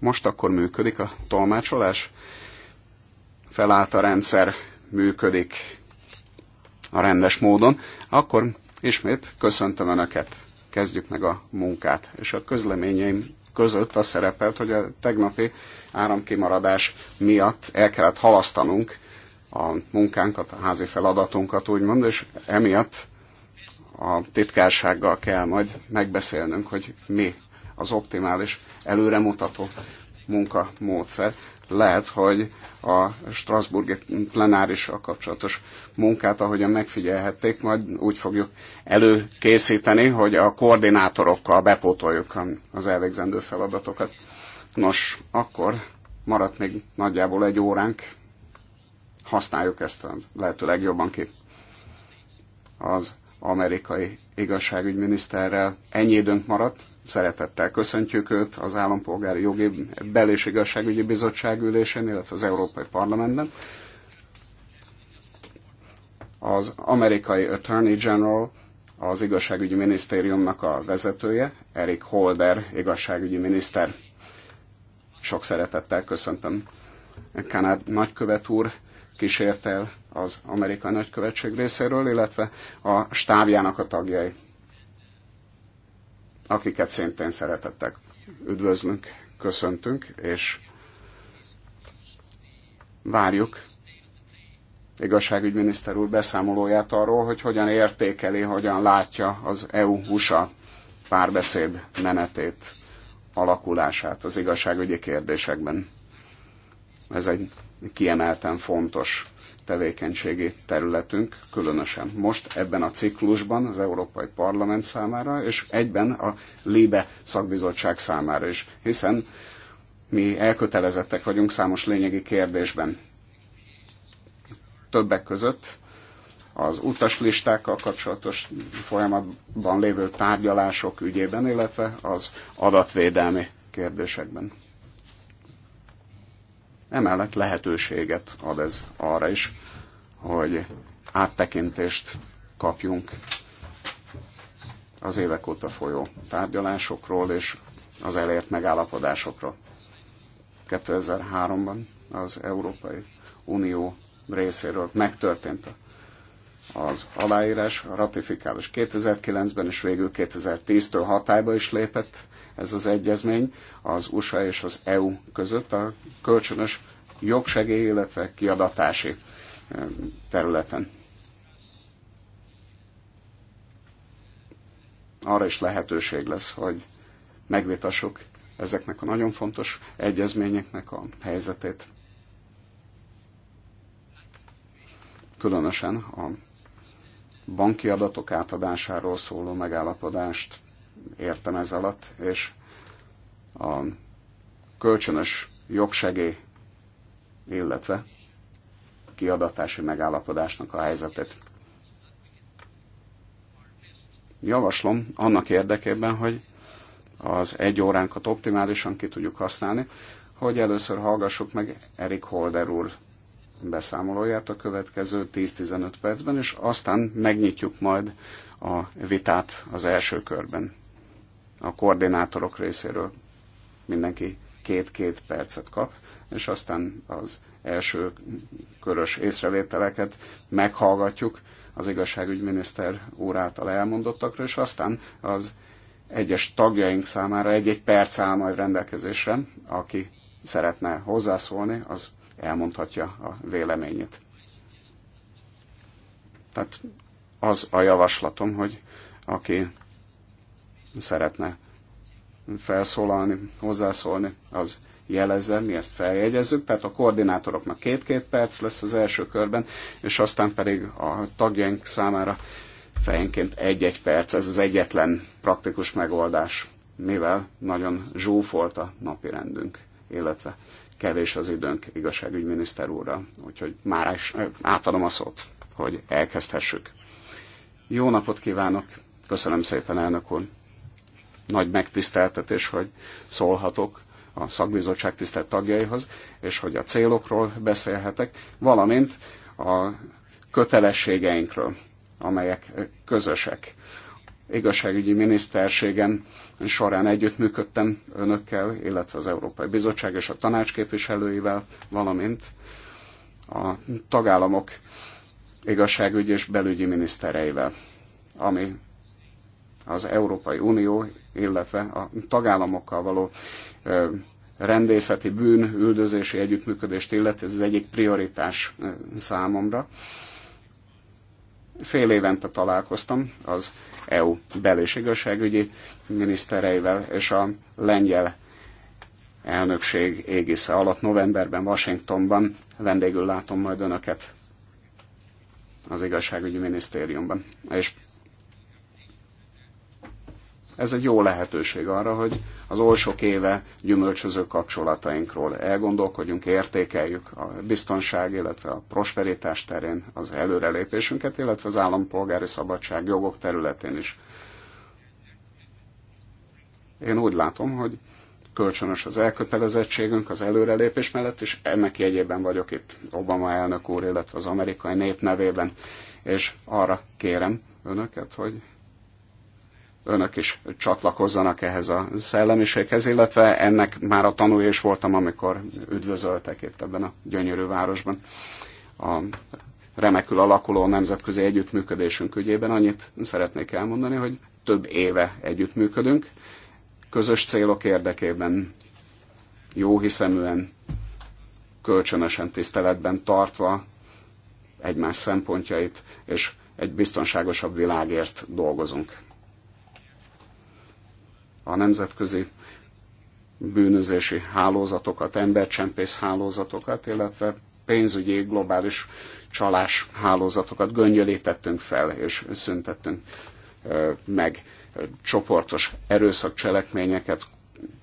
Most akkor működik a tolmácsolás, felállt a rendszer, működik a rendes módon, akkor ismét köszöntöm Önöket, kezdjük meg a munkát. És a közleményeim között a szerepelt, hogy a tegnapi áramkimaradás miatt el kellett halasztanunk a munkánkat, a házi feladatunkat, úgymond, és emiatt a titkársággal kell majd megbeszélnünk, hogy mi az optimális előremutató munkamódszer. Lehet, hogy a Strasburgi plenárissal kapcsolatos munkát, ahogyan megfigyelhették, majd úgy fogjuk előkészíteni, hogy a koordinátorokkal bepótoljuk az elvégzendő feladatokat. Nos, akkor maradt még nagyjából egy óránk, használjuk ezt a lehető legjobban ki. Az amerikai igazságügyminiszterrel ennyi időnk maradt, Szeretettel köszöntjük őt az Állampolgári Jogi Bel- és Igazságügyi Bizottság ülésén, illetve az Európai Parlamentben. Az amerikai Attorney General, az igazságügyi minisztériumnak a vezetője, Eric Holder, igazságügyi miniszter. Sok szeretettel köszöntöm. Kanád nagykövet úr kísért el az amerikai nagykövetség részéről, illetve a stábjának a tagjai akiket szintén szeretettek üdvözlünk, köszöntünk, és várjuk igazságügyminiszter úr beszámolóját arról, hogy hogyan értékeli, hogyan látja az EU-USA párbeszéd menetét, alakulását az igazságügyi kérdésekben. Ez egy kiemelten fontos tevékenységi területünk, különösen most ebben a ciklusban az Európai Parlament számára, és egyben a LIBE szakbizottság számára is, hiszen mi elkötelezettek vagyunk számos lényegi kérdésben. Többek között az utaslistákkal kapcsolatos folyamatban lévő tárgyalások ügyében, illetve az adatvédelmi kérdésekben. Emellett lehetőséget ad ez arra is, hogy áttekintést kapjunk az évek óta folyó tárgyalásokról és az elért megállapodásokról. 2003-ban az Európai Unió részéről megtörtént az aláírás, a ratifikálás 2009-ben, és végül 2010-től hatályba is lépett ez az egyezmény az USA és az EU között a kölcsönös jogsegély, illetve kiadatási eh, területen. Arra is lehetőség lesz, hogy megvitassuk ezeknek a nagyon fontos egyezményeknek a helyzetét. Különösen a banki adatok átadásáról szóló megállapodást értem ez alatt, és a kölcsönös jogsegély, illetve kiadatási megállapodásnak a helyzetét. Javaslom annak érdekében, hogy az egy óránkat optimálisan ki tudjuk használni, hogy először hallgassuk meg Erik Holder úr beszámolóját a következő 10-15 percben, és aztán megnyitjuk majd a vitát az első körben a koordinátorok részéről mindenki két-két percet kap, és aztán az első körös észrevételeket meghallgatjuk az igazságügyminiszter úr által elmondottakra, és aztán az egyes tagjaink számára egy-egy perc áll majd rendelkezésre, aki szeretne hozzászólni, az elmondhatja a véleményét. Tehát az a javaslatom, hogy aki szeretne felszólalni, hozzászólni, az jelezze, mi ezt feljegyezzük, tehát a koordinátoroknak két-két perc lesz az első körben, és aztán pedig a tagjaink számára fejenként egy-egy perc, ez az egyetlen praktikus megoldás, mivel nagyon zsúfolt a napi rendünk, illetve kevés az időnk igazságügyminiszter úrra, úgyhogy már is átadom a szót, hogy elkezdhessük. Jó napot kívánok, köszönöm szépen elnök úr! nagy megtiszteltetés, hogy szólhatok a szakbizottság tisztelt tagjaihoz, és hogy a célokról beszélhetek, valamint a kötelességeinkről, amelyek közösek. Igazságügyi miniszterségen során együttműködtem önökkel, illetve az Európai Bizottság és a tanács képviselőivel, valamint a tagállamok igazságügyi és belügyi minisztereivel, ami az Európai Unió, illetve a tagállamokkal való rendészeti bűn üldözési együttműködést illeti, ez az egyik prioritás számomra. Fél évente találkoztam az EU bel- és igazságügyi minisztereivel, és a lengyel elnökség égisze alatt novemberben Washingtonban vendégül látom majd önöket az igazságügyi minisztériumban. És ez egy jó lehetőség arra, hogy az oly sok éve gyümölcsöző kapcsolatainkról elgondolkodjunk, értékeljük a biztonság, illetve a prosperitás terén az előrelépésünket, illetve az állampolgári szabadság jogok területén is. Én úgy látom, hogy kölcsönös az elkötelezettségünk az előrelépés mellett, és ennek jegyében vagyok itt Obama elnök úr, illetve az amerikai nép nevében, és arra kérem önöket, hogy önök is csatlakozzanak ehhez a szellemiséghez, illetve ennek már a tanulja is voltam, amikor üdvözöltek itt ebben a gyönyörű városban. A remekül alakuló nemzetközi együttműködésünk ügyében annyit szeretnék elmondani, hogy több éve együttműködünk, közös célok érdekében, jó hiszeműen, kölcsönösen tiszteletben tartva egymás szempontjait, és egy biztonságosabb világért dolgozunk a nemzetközi bűnözési hálózatokat, embercsempész hálózatokat, illetve pénzügyi globális csalás hálózatokat göngyölítettünk fel és szüntettünk meg csoportos erőszakcselekményeket,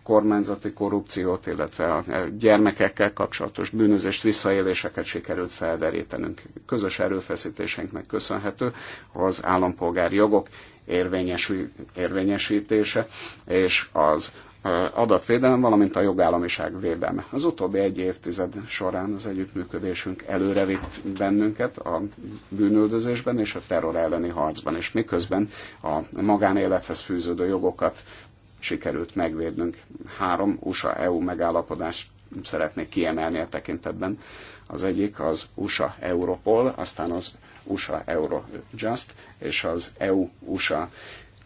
kormányzati korrupciót, illetve a gyermekekkel kapcsolatos bűnözést, visszaéléseket sikerült felderítenünk. Közös erőfeszítésünknek köszönhető az állampolgári jogok érvényesítése és az adatvédelem, valamint a jogállamiság védelme. Az utóbbi egy évtized során az együttműködésünk előrevitt bennünket a bűnöldözésben és a terror elleni harcban, és miközben a magánélethez fűződő jogokat sikerült megvédnünk. Három USA-EU megállapodást szeretnék kiemelni a e tekintetben. Az egyik az USA-Europol, aztán az USA-Eurojust és az EU-USA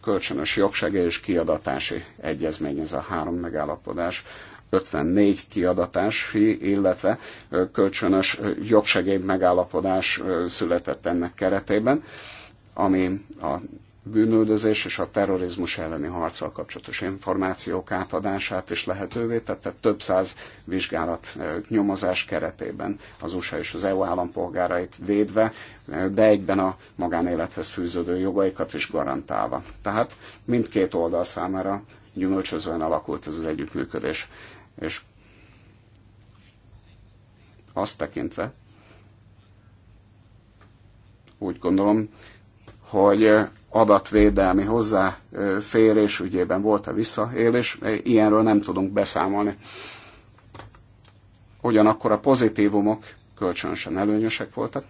kölcsönös jogsegély és kiadatási egyezmény, ez a három megállapodás. 54 kiadatási, illetve kölcsönös jogsegély megállapodás született ennek keretében, ami a bűnöldözés és a terrorizmus elleni harccal kapcsolatos információk átadását is lehetővé tette több száz vizsgálat nyomozás keretében az USA és az EU állampolgárait védve, de egyben a magánélethez fűződő jogaikat is garantálva. Tehát mindkét oldal számára gyümölcsözően alakult ez az együttműködés. És azt tekintve úgy gondolom, hogy adatvédelmi hozzáférés ügyében volt a visszaélés, ilyenről nem tudunk beszámolni. Ugyanakkor a pozitívumok kölcsönösen előnyösek voltak.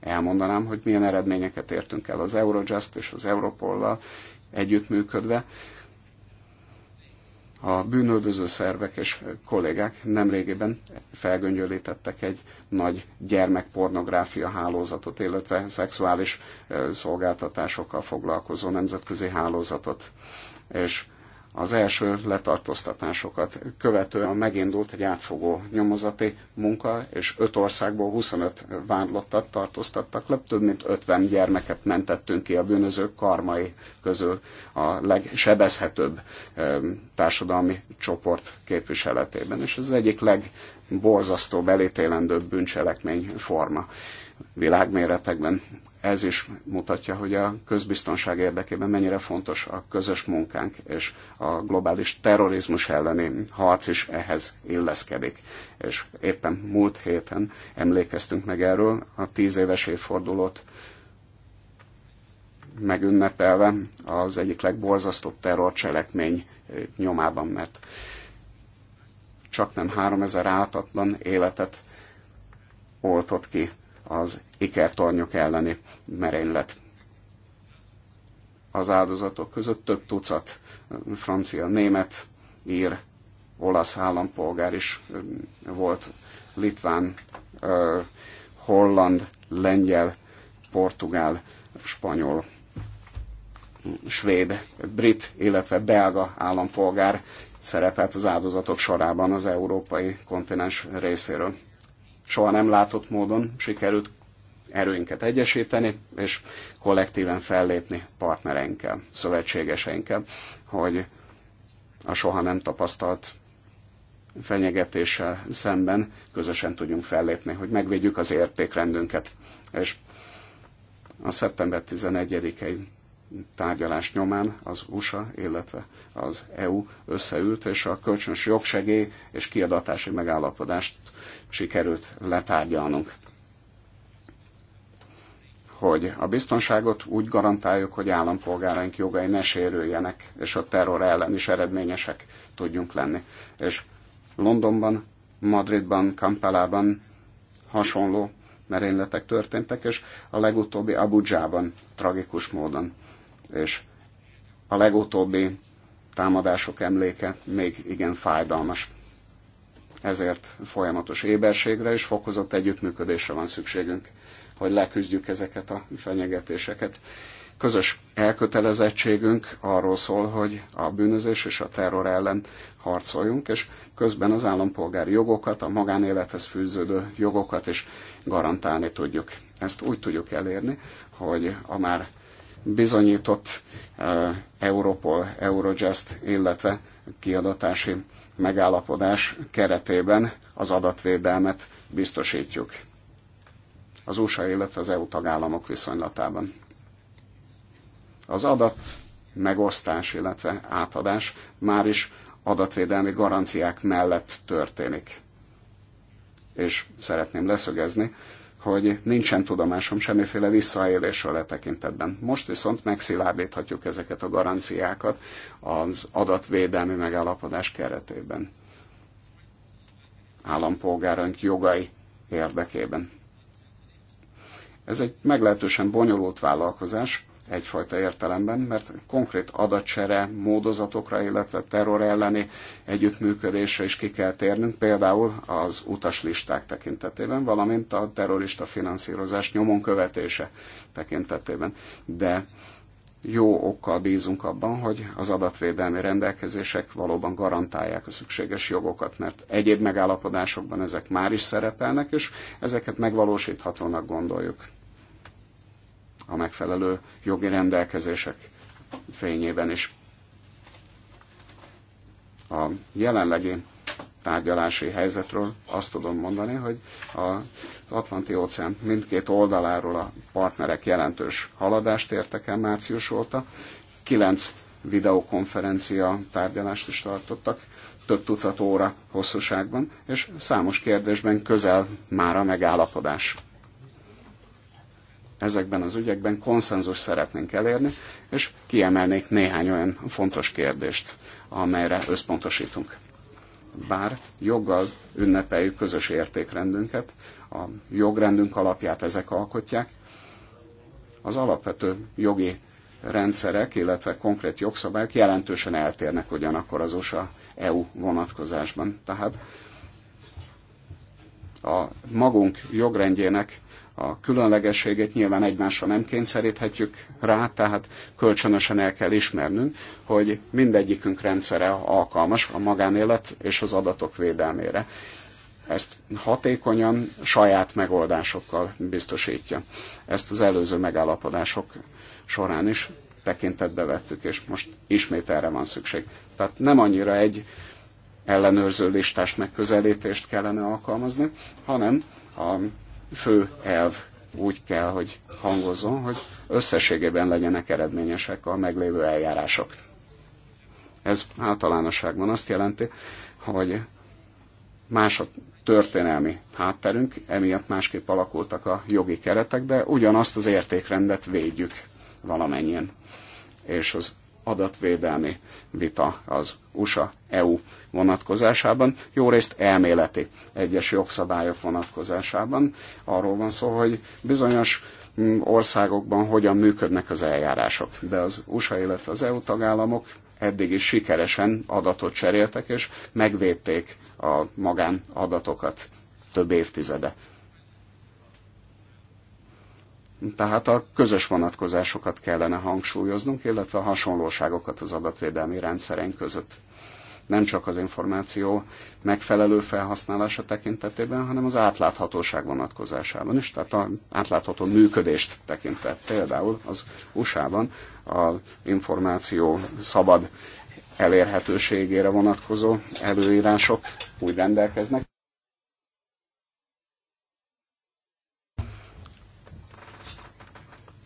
Elmondanám, hogy milyen eredményeket értünk el az Eurojust és az Europollal együttműködve. A bűnöldöző szervek és kollégák nemrégiben felgöngyölítettek egy nagy gyermekpornográfia hálózatot, illetve szexuális szolgáltatásokkal foglalkozó nemzetközi hálózatot. És az első letartóztatásokat követően megindult egy átfogó nyomozati munka, és öt országból 25 vádlottat tartóztattak le, több mint 50 gyermeket mentettünk ki a bűnözők karmai közül a legsebezhetőbb társadalmi csoport képviseletében, és ez az egyik legborzasztóbb elítélendőbb bűncselekmény forma világméretekben ez is mutatja, hogy a közbiztonság érdekében mennyire fontos a közös munkánk, és a globális terrorizmus elleni harc is ehhez illeszkedik. És éppen múlt héten emlékeztünk meg erről, a tíz éves évfordulót megünnepelve az egyik legborzasztóbb terrorcselekmény nyomában, mert csak nem 3000 ártatlan életet oltott ki az ikertornyok elleni merénylet. Az áldozatok között több tucat francia, német, ír, olasz állampolgár is volt, litván, holland, lengyel, portugál, spanyol, svéd, brit, illetve belga állampolgár szerepelt az áldozatok sorában az európai kontinens részéről. Soha nem látott módon sikerült erőinket egyesíteni, és kollektíven fellépni partnereinkkel, szövetségeseinkkel, hogy a soha nem tapasztalt fenyegetéssel szemben közösen tudjunk fellépni, hogy megvédjük az értékrendünket. És a szeptember 11-i tárgyalás nyomán az USA, illetve az EU összeült, és a kölcsönös jogsegély és kiadatási megállapodást sikerült letárgyalnunk hogy a biztonságot úgy garantáljuk, hogy állampolgáraink jogai ne sérüljenek, és a terror ellen is eredményesek tudjunk lenni. És Londonban, Madridban, Kampalában hasonló merényletek történtek, és a legutóbbi Abudzsában tragikus módon. És a legutóbbi támadások emléke még igen fájdalmas. Ezért folyamatos éberségre és fokozott együttműködésre van szükségünk hogy leküzdjük ezeket a fenyegetéseket. Közös elkötelezettségünk arról szól, hogy a bűnözés és a terror ellen harcoljunk, és közben az állampolgári jogokat, a magánélethez fűződő jogokat is garantálni tudjuk. Ezt úgy tudjuk elérni, hogy a már bizonyított uh, Europol, Eurojust, illetve kiadatási megállapodás keretében az adatvédelmet biztosítjuk az USA, illetve az EU tagállamok viszonylatában. Az adat megosztás, illetve átadás már is adatvédelmi garanciák mellett történik. És szeretném leszögezni, hogy nincsen tudomásom semmiféle visszaélésről e tekintetben. Most viszont megszilárdíthatjuk ezeket a garanciákat az adatvédelmi megállapodás keretében. Állampolgárunk jogai érdekében. Ez egy meglehetősen bonyolult vállalkozás egyfajta értelemben, mert konkrét adatsere, módozatokra, illetve terror elleni együttműködésre is ki kell térnünk, például az utaslisták tekintetében, valamint a terrorista finanszírozás nyomon követése tekintetében. De jó okkal bízunk abban, hogy az adatvédelmi rendelkezések valóban garantálják a szükséges jogokat, mert egyéb megállapodásokban ezek már is szerepelnek, és ezeket megvalósíthatónak gondoljuk a megfelelő jogi rendelkezések fényében is. A jelenlegi tárgyalási helyzetről azt tudom mondani, hogy az Atlanti óceán mindkét oldaláról a partnerek jelentős haladást értek el március óta. Kilenc videokonferencia tárgyalást is tartottak, több tucat óra hosszúságban, és számos kérdésben közel már a megállapodás. Ezekben az ügyekben konszenzus szeretnénk elérni, és kiemelnék néhány olyan fontos kérdést, amelyre összpontosítunk bár joggal ünnepeljük közös értékrendünket, a jogrendünk alapját ezek alkotják, az alapvető jogi rendszerek, illetve konkrét jogszabályok jelentősen eltérnek ugyanakkor az USA EU vonatkozásban. Tehát a magunk jogrendjének a különlegességét nyilván egymásra nem kényszeríthetjük rá, tehát kölcsönösen el kell ismernünk, hogy mindegyikünk rendszere alkalmas a magánélet és az adatok védelmére. Ezt hatékonyan, saját megoldásokkal biztosítja. Ezt az előző megállapodások során is tekintetbe vettük, és most ismét erre van szükség. Tehát nem annyira egy ellenőrző listás megközelítést kellene alkalmazni, hanem a fő elv úgy kell, hogy hangozzon, hogy összességében legyenek eredményesek a meglévő eljárások. Ez általánosságban azt jelenti, hogy más a történelmi hátterünk, emiatt másképp alakultak a jogi keretek, de ugyanazt az értékrendet védjük valamennyien. És az adatvédelmi vita az USA-EU vonatkozásában, jó részt elméleti egyes jogszabályok vonatkozásában. Arról van szó, hogy bizonyos mm, országokban hogyan működnek az eljárások. De az USA, illetve az EU tagállamok eddig is sikeresen adatot cseréltek, és megvédték a magánadatokat több évtizede tehát a közös vonatkozásokat kellene hangsúlyoznunk, illetve a hasonlóságokat az adatvédelmi rendszeren között. Nem csak az információ megfelelő felhasználása tekintetében, hanem az átláthatóság vonatkozásában is, tehát az átlátható működést tekintve. Például az USA-ban az információ szabad elérhetőségére vonatkozó előírások úgy rendelkeznek,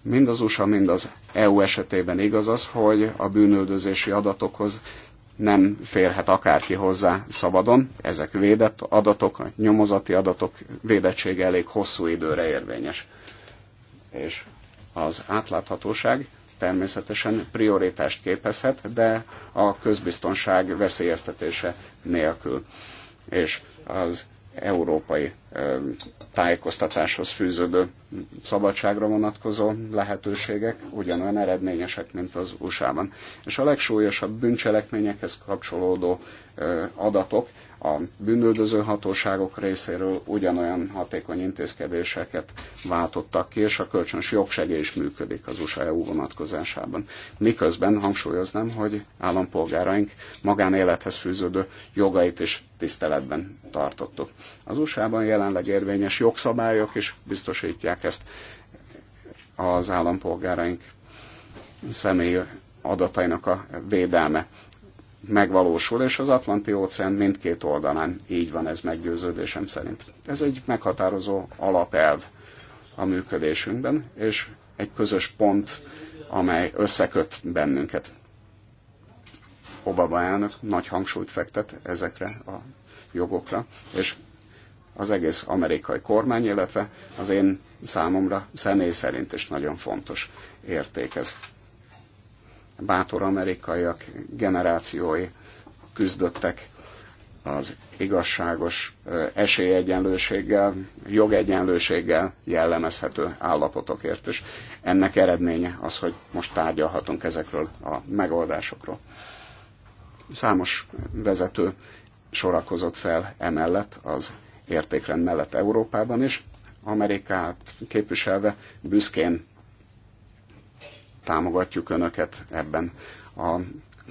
Mind az USA, mind az EU esetében igaz az, hogy a bűnöldözési adatokhoz nem férhet akárki hozzá szabadon. Ezek védett adatok, a nyomozati adatok védettsége elég hosszú időre érvényes. És az átláthatóság természetesen prioritást képezhet, de a közbiztonság veszélyeztetése nélkül. És az európai tájékoztatáshoz fűződő szabadságra vonatkozó lehetőségek ugyanolyan eredményesek, mint az USA-ban. És a legsúlyosabb bűncselekményekhez kapcsolódó adatok a bűnöldöző hatóságok részéről ugyanolyan hatékony intézkedéseket váltottak ki, és a kölcsönös jogsegély is működik az USA-EU e vonatkozásában. Miközben hangsúlyoznám, hogy állampolgáraink magánélethez fűződő jogait is tiszteletben tartottuk. Az USA-ban jelen jelenleg érvényes jogszabályok is biztosítják ezt az állampolgáraink személy adatainak a védelme megvalósul, és az Atlanti-óceán mindkét oldalán így van ez meggyőződésem szerint. Ez egy meghatározó alapelv a működésünkben, és egy közös pont, amely összeköt bennünket. Obama elnök nagy hangsúlyt fektet ezekre a jogokra, és az egész amerikai kormány, illetve az én számomra személy szerint is nagyon fontos érték ez. Bátor amerikaiak generációi küzdöttek az igazságos esélyegyenlőséggel, jogegyenlőséggel jellemezhető állapotokért, és ennek eredménye az, hogy most tárgyalhatunk ezekről a megoldásokról. Számos vezető sorakozott fel emellett az értékrend mellett Európában is, Amerikát képviselve büszkén támogatjuk Önöket ebben. A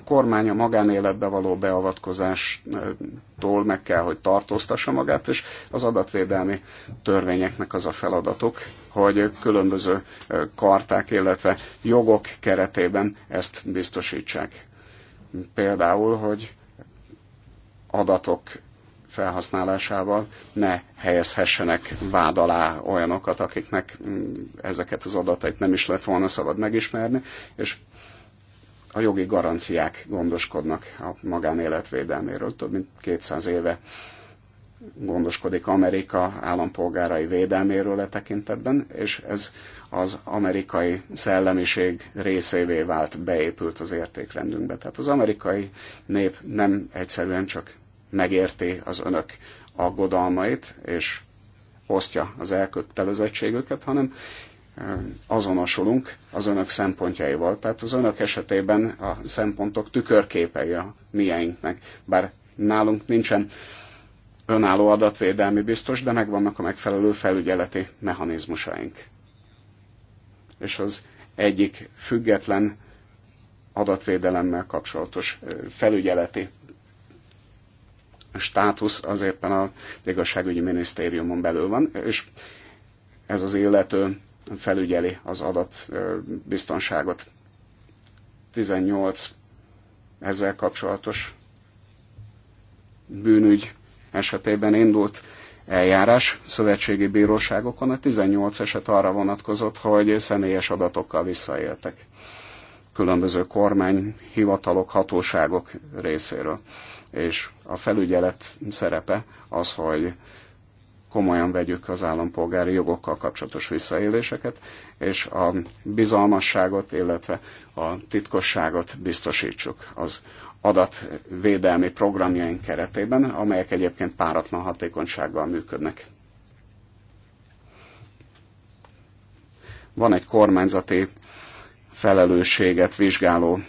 kormány a magánéletbe való beavatkozástól meg kell, hogy tartóztassa magát, és az adatvédelmi törvényeknek az a feladatuk, hogy különböző karták, illetve jogok keretében ezt biztosítsák. Például, hogy adatok felhasználásával ne helyezhessenek vád alá olyanokat, akiknek mm, ezeket az adatait nem is lett volna szabad megismerni, és a jogi garanciák gondoskodnak a magánélet védelméről. Több mint 200 éve gondoskodik Amerika állampolgárai védelméről e tekintetben, és ez az amerikai szellemiség részévé vált, beépült az értékrendünkbe. Tehát az amerikai nép nem egyszerűen csak megérti az önök aggodalmait, és osztja az elkötelezettségüket, hanem azonosulunk az önök szempontjaival. Tehát az önök esetében a szempontok tükörképei a mieinknek, bár nálunk nincsen önálló adatvédelmi biztos, de megvannak a megfelelő felügyeleti mechanizmusaink. És az egyik független adatvédelemmel kapcsolatos felügyeleti státusz az éppen a igazságügyi minisztériumon belül van, és ez az illető felügyeli az adat biztonságot. 18 ezzel kapcsolatos bűnügy esetében indult eljárás szövetségi bíróságokon. A 18 eset arra vonatkozott, hogy személyes adatokkal visszaéltek különböző kormányhivatalok, hatóságok részéről. És a felügyelet szerepe az, hogy komolyan vegyük az állampolgári jogokkal kapcsolatos visszaéléseket, és a bizalmasságot, illetve a titkosságot biztosítsuk az adatvédelmi programjaink keretében, amelyek egyébként páratlan hatékonysággal működnek. Van egy kormányzati felelősséget vizsgáló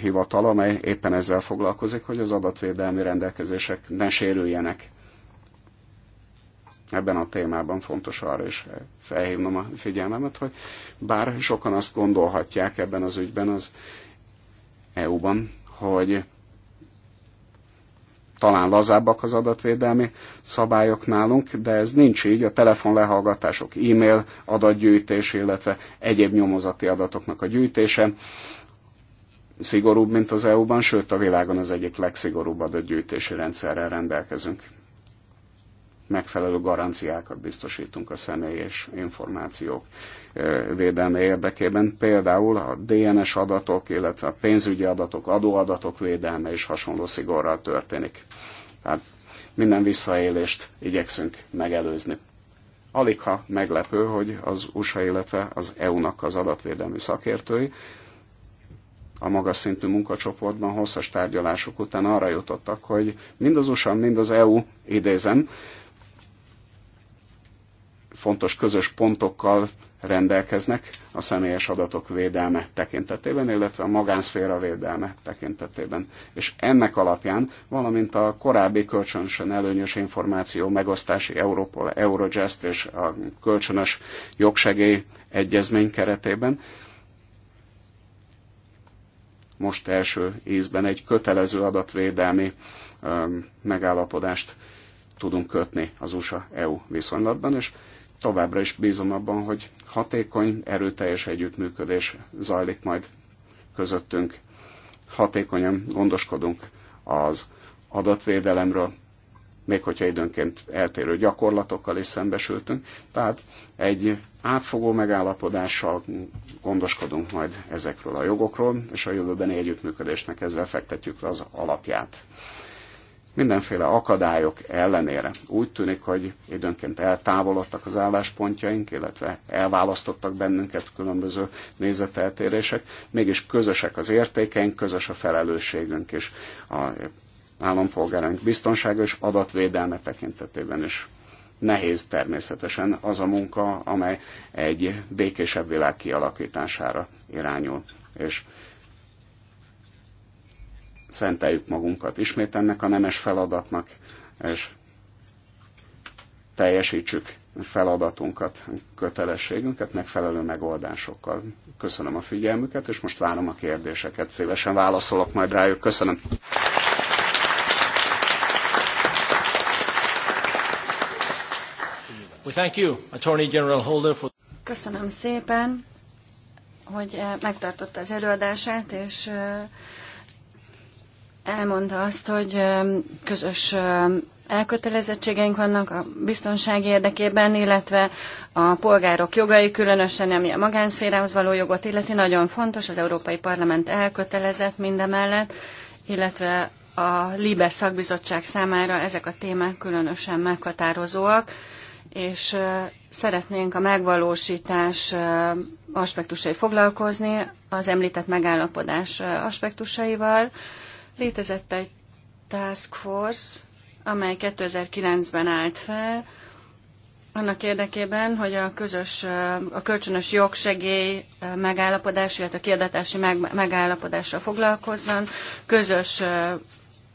hivatal, amely éppen ezzel foglalkozik, hogy az adatvédelmi rendelkezések ne sérüljenek. Ebben a témában fontos arra is felhívnom a figyelmemet, hogy bár sokan azt gondolhatják ebben az ügyben az EU-ban, hogy talán lazábbak az adatvédelmi szabályok nálunk, de ez nincs így. A telefonlehallgatások, e-mail adatgyűjtés, illetve egyéb nyomozati adatoknak a gyűjtése szigorúbb, mint az EU-ban, sőt a világon az egyik legszigorúbb adatgyűjtési rendszerrel rendelkezünk megfelelő garanciákat biztosítunk a személyes információk védelme érdekében. Például a DNS adatok, illetve a pénzügyi adatok, adóadatok védelme is hasonló szigorral történik. Tehát minden visszaélést igyekszünk megelőzni. Alig ha meglepő, hogy az USA, illetve az EU-nak az adatvédelmi szakértői a magas szintű munkacsoportban hosszas tárgyalások után arra jutottak, hogy mind az USA, mind az EU, idézem, fontos közös pontokkal rendelkeznek a személyes adatok védelme tekintetében, illetve a magánszféra védelme tekintetében. És ennek alapján, valamint a korábbi kölcsönösen előnyös információ megosztási Europol, Eurojust és a kölcsönös jogsegély egyezmény keretében most első ízben egy kötelező adatvédelmi megállapodást tudunk kötni az USA-EU viszonylatban, és továbbra is bízom abban, hogy hatékony, erőteljes együttműködés zajlik majd közöttünk. Hatékonyan gondoskodunk az adatvédelemről, még hogyha időnként eltérő gyakorlatokkal is szembesültünk. Tehát egy átfogó megállapodással gondoskodunk majd ezekről a jogokról, és a jövőbeni együttműködésnek ezzel fektetjük le az alapját mindenféle akadályok ellenére úgy tűnik, hogy időnként eltávolodtak az álláspontjaink, illetve elválasztottak bennünket különböző nézeteltérések, mégis közösek az értékeink, közös a felelősségünk is a állampolgáraink biztonsága és adatvédelme tekintetében is. Nehéz természetesen az a munka, amely egy békésebb világ kialakítására irányul. És szenteljük magunkat ismét ennek a nemes feladatnak, és teljesítsük feladatunkat, kötelességünket megfelelő megoldásokkal. Köszönöm a figyelmüket, és most várom a kérdéseket. Szívesen válaszolok majd rájuk. Köszönöm. Köszönöm szépen, hogy megtartotta az előadását, és elmondta azt, hogy um, közös um, elkötelezettségeink vannak a biztonság érdekében, illetve a polgárok jogai, különösen ami a magánszférához való jogot illeti, nagyon fontos, az Európai Parlament elkötelezett mindemellett, illetve a LIBE szakbizottság számára ezek a témák különösen meghatározóak, és uh, szeretnénk a megvalósítás uh, aspektusai foglalkozni, az említett megállapodás uh, aspektusaival, Létezett egy task force, amely 2009-ben állt fel, annak érdekében, hogy a közös, a kölcsönös jogsegély megállapodás, illetve a kiadatási megállapodásra foglalkozzon. Közös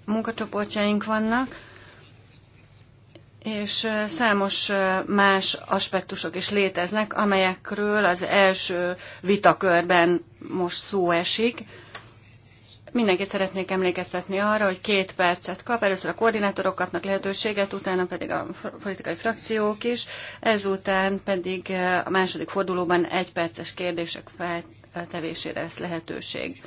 munkacsoportjaink vannak, és számos más aspektusok is léteznek, amelyekről az első vitakörben most szó esik. Mindenkit szeretnék emlékeztetni arra, hogy két percet kap. Először a koordinátorok kapnak lehetőséget, utána pedig a politikai frakciók is, ezután pedig eh, a második fordulóban egy perces kérdések feltevésére lesz lehetőség.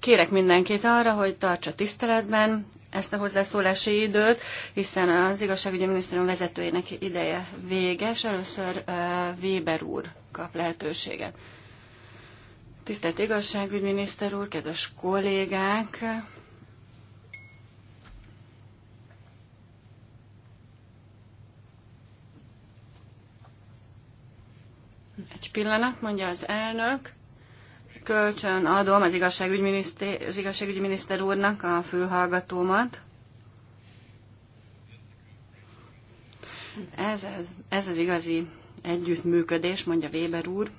Kérek mindenkit arra, hogy tartsa tiszteletben ezt a hozzászólási időt, hiszen az igazságügyi minisztérium vezetőjének ideje véges. Először eh, Weber úr kap lehetőséget. Tisztelt igazságügyminiszter úr, kedves kollégák! Egy pillanat, mondja az elnök. Kölcsön adom az igazságügyminiszter, az igazságügyminiszter úrnak a fülhallgatómat. Ez, ez, ez az igazi együttműködés, mondja Weber úr.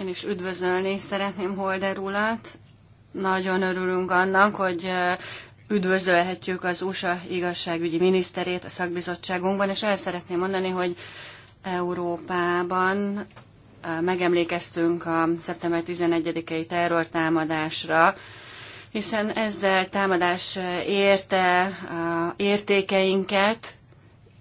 Én is üdvözölni szeretném Holder urat. Nagyon örülünk annak, hogy üdvözölhetjük az USA igazságügyi miniszterét a szakbizottságunkban, és el szeretném mondani, hogy Európában megemlékeztünk a szeptember 11-i terrortámadásra, hiszen ezzel támadás érte értékeinket,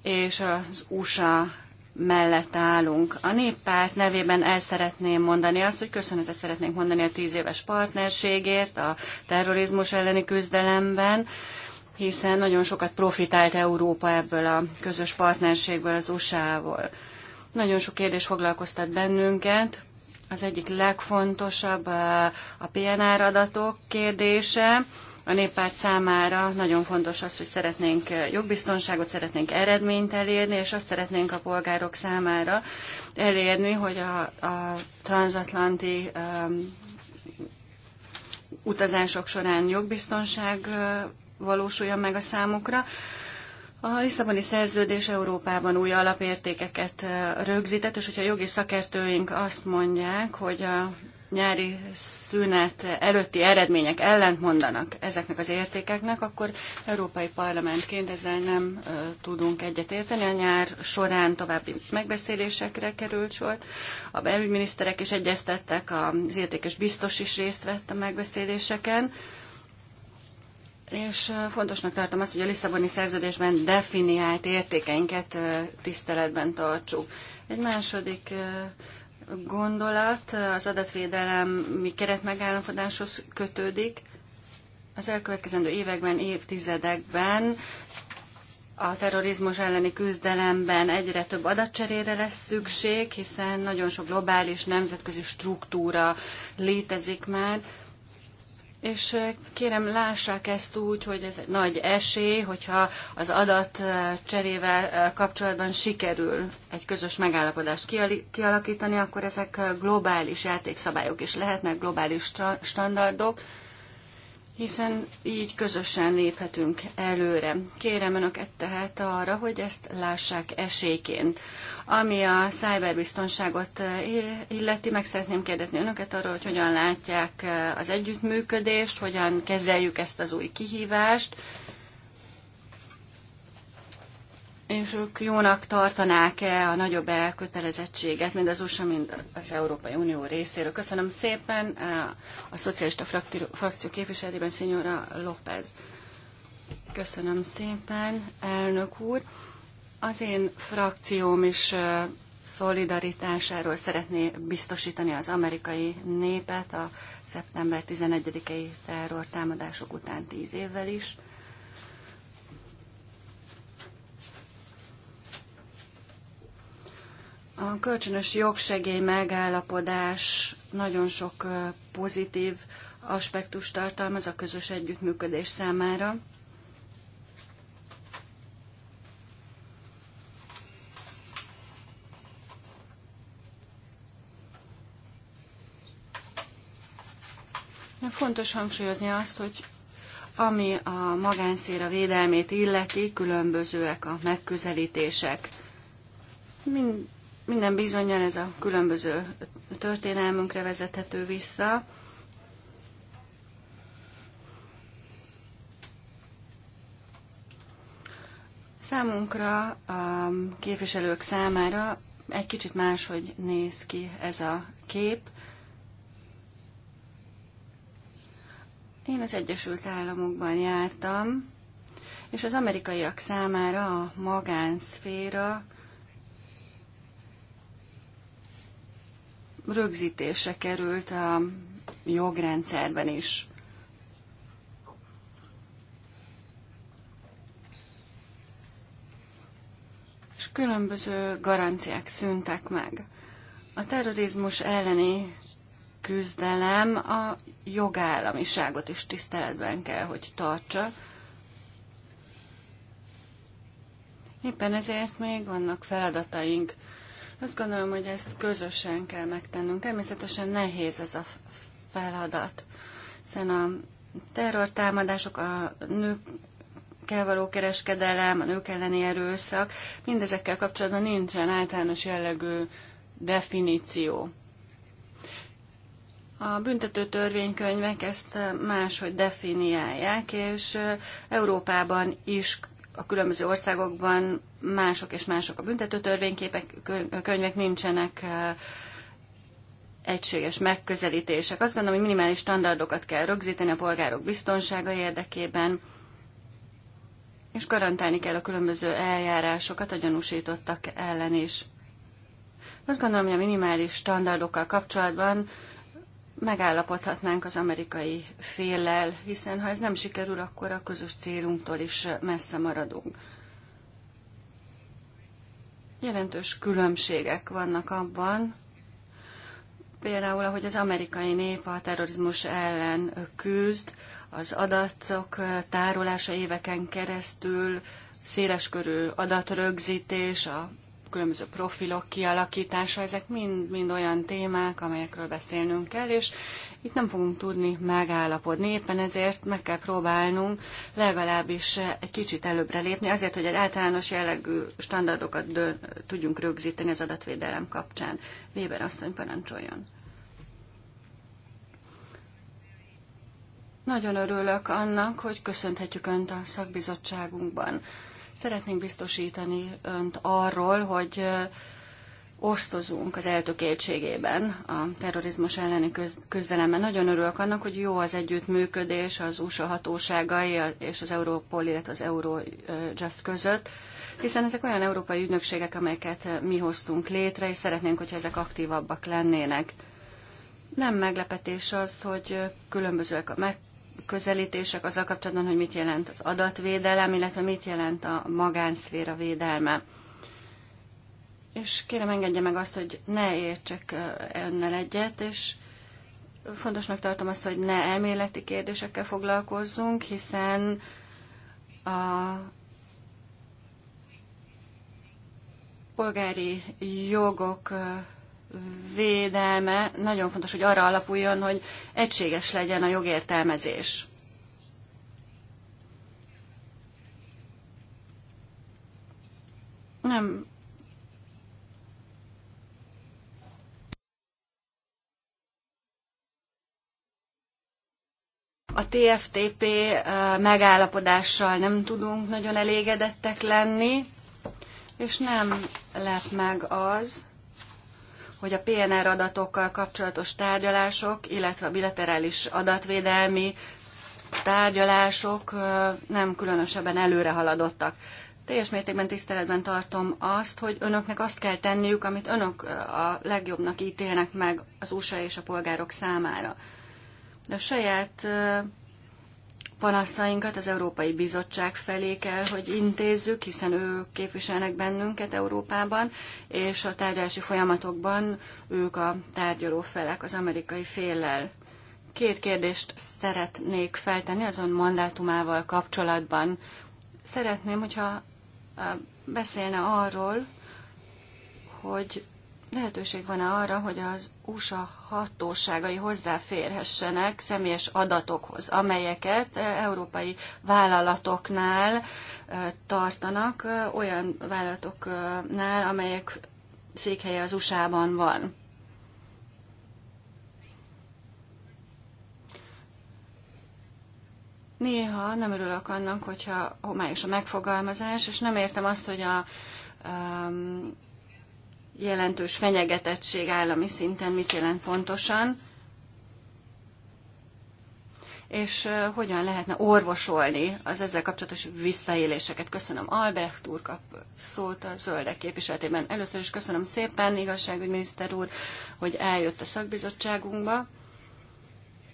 és az USA mellett állunk. A néppárt nevében el szeretném mondani azt, hogy köszönetet szeretnénk mondani a tíz éves partnerségért a terrorizmus elleni küzdelemben, hiszen nagyon sokat profitált Európa ebből a közös partnerségből az USA-val. Nagyon sok kérdés foglalkoztat bennünket. Az egyik legfontosabb a PNR adatok kérdése a néppárt számára nagyon fontos az, hogy szeretnénk jogbiztonságot, szeretnénk eredményt elérni, és azt szeretnénk a polgárok számára elérni, hogy a, a transatlanti um, utazások során jogbiztonság uh, valósuljon meg a számukra. A Lisszaboni szerződés Európában új alapértékeket uh, rögzített, és hogyha jogi szakértőink azt mondják, hogy a nyári szünet előtti eredmények ellent mondanak ezeknek az értékeknek, akkor Európai Parlamentként ezzel nem tudunk egyetérteni. A nyár során további megbeszélésekre került sor. A belügyminiszterek is egyeztettek, az értékes biztos is részt vett a megbeszéléseken. És fontosnak tartom azt, hogy a Lisszaboni szerződésben definiált értékeinket tiszteletben tartsuk. Egy második gondolat az adatvédelmi keretmegállapodáshoz kötődik. Az elkövetkezendő években, évtizedekben a terrorizmus elleni küzdelemben egyre több adatcserére lesz szükség, hiszen nagyon sok globális nemzetközi struktúra létezik már, és kérem, lássák ezt úgy, hogy ez egy nagy esély, hogyha az adat cserével kapcsolatban sikerül egy közös megállapodást kialakítani, akkor ezek globális játékszabályok is lehetnek, globális standardok, hiszen így közösen léphetünk előre. Kérem Önöket tehát arra, hogy ezt lássák esélyként. Ami a szájberbiztonságot eh, illeti, meg szeretném kérdezni Önöket arról, hogy hogyan látják eh, az együttműködést, hogyan kezeljük ezt az új kihívást, és ők jónak tartanák-e a nagyobb elkötelezettséget, mind az USA, mind az Európai Unió részéről? Köszönöm szépen eh, a szocialista frakció képviselőjében, Szenyora López. Köszönöm szépen, elnök úr. Az én frakcióm is eh, szolidaritásáról szeretné biztosítani az amerikai népet a szeptember 11-i terrortámadások után tíz évvel is. A kölcsönös jogsegély megállapodás nagyon sok pozitív aspektus tartalmaz a közös együttműködés számára. Fontos hangsúlyozni azt, hogy ami a magánszéra védelmét illeti, különbözőek a megközelítések. Mind minden bizonyal ez a különböző történelmünkre vezethető vissza. Számunkra, a képviselők számára egy kicsit máshogy néz ki ez a kép. Én az Egyesült Államokban jártam, és az amerikaiak számára a magánszféra rögzítése került a jogrendszerben is. És különböző garanciák szűntek meg. A terrorizmus elleni küzdelem a jogállamiságot is tiszteletben kell, hogy tartsa. Éppen ezért még vannak feladataink azt gondolom, hogy ezt közösen kell megtennünk. Természetesen nehéz ez a feladat, hiszen a terrortámadások, a nőkkel való kereskedelem, a nők elleni erőszak, mindezekkel kapcsolatban nincsen általános jellegű definíció. A büntető törvénykönyvek ezt máshogy definiálják, és Európában is a különböző országokban mások és mások a büntetőtörvényképek, könyvek nincsenek egységes megközelítések. Azt gondolom, hogy minimális standardokat kell rögzíteni a polgárok biztonsága érdekében, és garantálni kell a különböző eljárásokat a gyanúsítottak ellen is. Azt gondolom, hogy a minimális standardokkal kapcsolatban megállapodhatnánk az amerikai féllel, hiszen ha ez nem sikerül, akkor a közös célunktól is messze maradunk. Jelentős különbségek vannak abban, például, ahogy az amerikai nép a terrorizmus ellen küzd, az adatok tárolása éveken keresztül, széleskörű adatrögzítés, a különböző profilok kialakítása, ezek mind-mind olyan témák, amelyekről beszélnünk kell, és itt nem fogunk tudni megállapodni, éppen ezért meg kell próbálnunk legalábbis egy kicsit előbbre lépni, azért, hogy egy általános jellegű standardokat dö- tudjunk rögzíteni az adatvédelem kapcsán. Weber asszony parancsoljon. Nagyon örülök annak, hogy köszönhetjük Önt a szakbizottságunkban. Szeretnénk biztosítani önt arról, hogy osztozunk az eltökéltségében a terrorizmus elleni küzdelemben. Nagyon örülök annak, hogy jó az együttműködés az USA hatóságai és az Európol, illetve az Eurojust között, hiszen ezek olyan európai ügynökségek, amelyeket mi hoztunk létre, és szeretnénk, hogyha ezek aktívabbak lennének. Nem meglepetés az, hogy különbözőek a meg közelítések azzal kapcsolatban, hogy mit jelent az adatvédelem, illetve mit jelent a magánszféra védelme. És kérem engedje meg azt, hogy ne értsek önnel egyet, és fontosnak tartom azt, hogy ne elméleti kérdésekkel foglalkozzunk, hiszen a polgári jogok védelme nagyon fontos, hogy arra alapuljon, hogy egységes legyen a jogértelmezés. Nem. A TFTP megállapodással nem tudunk nagyon elégedettek lenni, és nem lep meg az, hogy a PNR adatokkal kapcsolatos tárgyalások, illetve a bilaterális adatvédelmi tárgyalások nem különösebben előre haladottak. Teljes mértékben tiszteletben tartom azt, hogy önöknek azt kell tenniük, amit önök a legjobbnak ítélnek meg az USA és a polgárok számára. De a saját panaszainkat az Európai Bizottság felé kell, hogy intézzük, hiszen ők képviselnek bennünket Európában, és a tárgyalási folyamatokban ők a tárgyaló felek az amerikai féllel. Két kérdést szeretnék feltenni azon mandátumával kapcsolatban. Szeretném, hogyha beszélne arról, hogy lehetőség van-e arra, hogy az USA hatóságai hozzáférhessenek személyes adatokhoz, amelyeket eh, európai vállalatoknál eh, tartanak, eh, olyan vállalatoknál, amelyek székhelye az USA-ban van. Néha nem örülök annak, hogyha homályos a megfogalmazás, és nem értem azt, hogy a um, jelentős fenyegetettség állami szinten mit jelent pontosan, és hogyan lehetne orvosolni az ezzel kapcsolatos visszaéléseket. Köszönöm Albrecht úr kap szót a zöldek képviseletében. Először is köszönöm szépen, igazságügyminiszter úr, hogy eljött a szakbizottságunkba.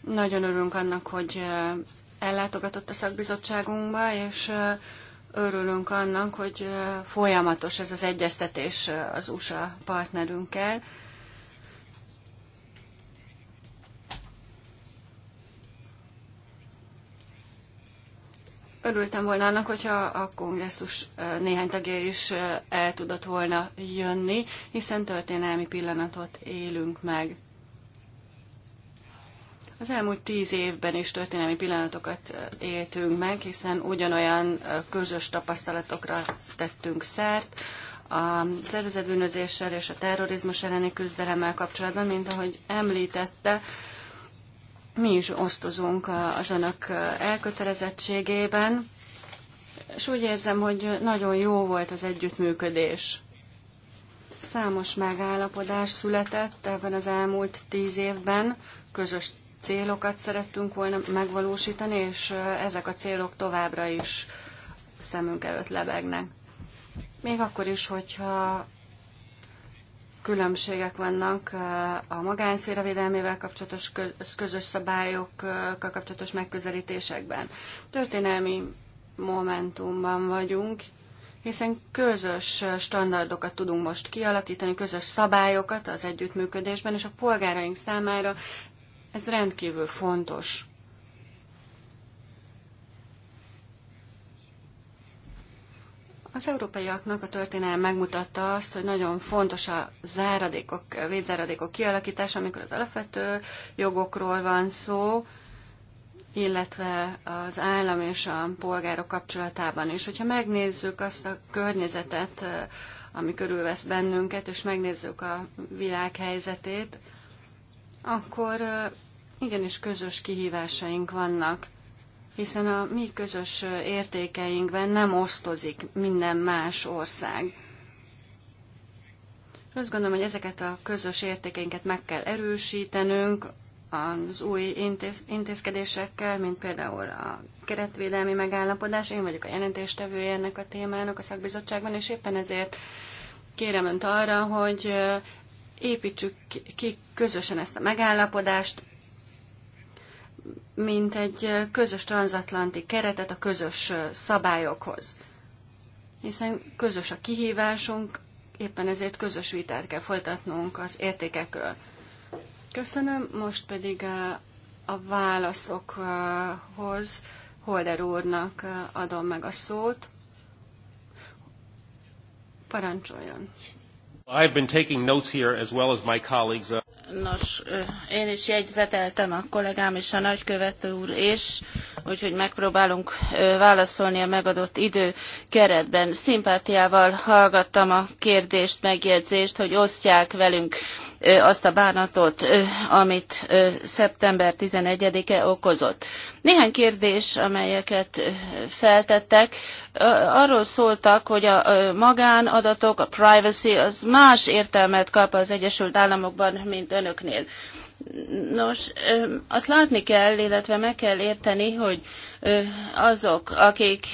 Nagyon örülünk annak, hogy ellátogatott a szakbizottságunkba, és örülünk annak, hogy folyamatos ez az egyeztetés az USA partnerünkkel. Örültem volna annak, hogyha a kongresszus néhány tagja is el tudott volna jönni, hiszen történelmi pillanatot élünk meg. Az elmúlt tíz évben is történelmi pillanatokat éltünk meg, hiszen ugyanolyan közös tapasztalatokra tettünk szert a szervezetbűnözéssel és a terrorizmus elleni küzdelemmel kapcsolatban, mint ahogy említette, mi is osztozunk az önök elkötelezettségében, és úgy érzem, hogy nagyon jó volt az együttműködés. Számos megállapodás született ebben az elmúlt tíz évben, közös célokat szerettünk volna megvalósítani, és ezek a célok továbbra is szemünk előtt lebegnek. Még akkor is, hogyha különbségek vannak a magánszféra védelmével kapcsolatos közös szabályokkal kapcsolatos megközelítésekben. Történelmi momentumban vagyunk, hiszen közös standardokat tudunk most kialakítani, közös szabályokat az együttműködésben, és a polgáraink számára ez rendkívül fontos. Az európaiaknak a történelem megmutatta azt, hogy nagyon fontos a záradékok, védzáradékok kialakítása, amikor az alapvető jogokról van szó, illetve az állam és a polgárok kapcsolatában is. Hogyha megnézzük azt a környezetet, eh, ami körülvesz bennünket, és megnézzük a világ helyzetét, akkor igenis közös kihívásaink vannak, hiszen a mi közös értékeinkben nem osztozik minden más ország. Azt gondolom, hogy ezeket a közös értékeinket meg kell erősítenünk az új intéz, intézkedésekkel, mint például a keretvédelmi megállapodás. Én vagyok a jelentéstevője ennek a témának a szakbizottságban, és éppen ezért kérem Önt arra, hogy építsük ki közösen ezt a megállapodást, mint egy közös transatlanti keretet a közös szabályokhoz. Hiszen közös a kihívásunk, éppen ezért közös vitát kell folytatnunk az értékekről. Köszönöm, most pedig a, a válaszokhoz Holder úrnak adom meg a szót. Parancsoljon! I've been taking notes here as well as my colleagues. Uh, Nos, én is jegyzeteltem a kollégám és a nagykövető úr és, úgyhogy megpróbálunk válaszolni a megadott idő keretben. Szimpátiával hallgattam a kérdést, megjegyzést, hogy osztják velünk azt a bánatot, amit szeptember 11-e okozott. Néhány kérdés, amelyeket feltettek, arról szóltak, hogy a magánadatok, a privacy az más értelmet kap az Egyesült Államokban, mint önöknél. Nos, azt látni kell, illetve meg kell érteni, hogy azok, akik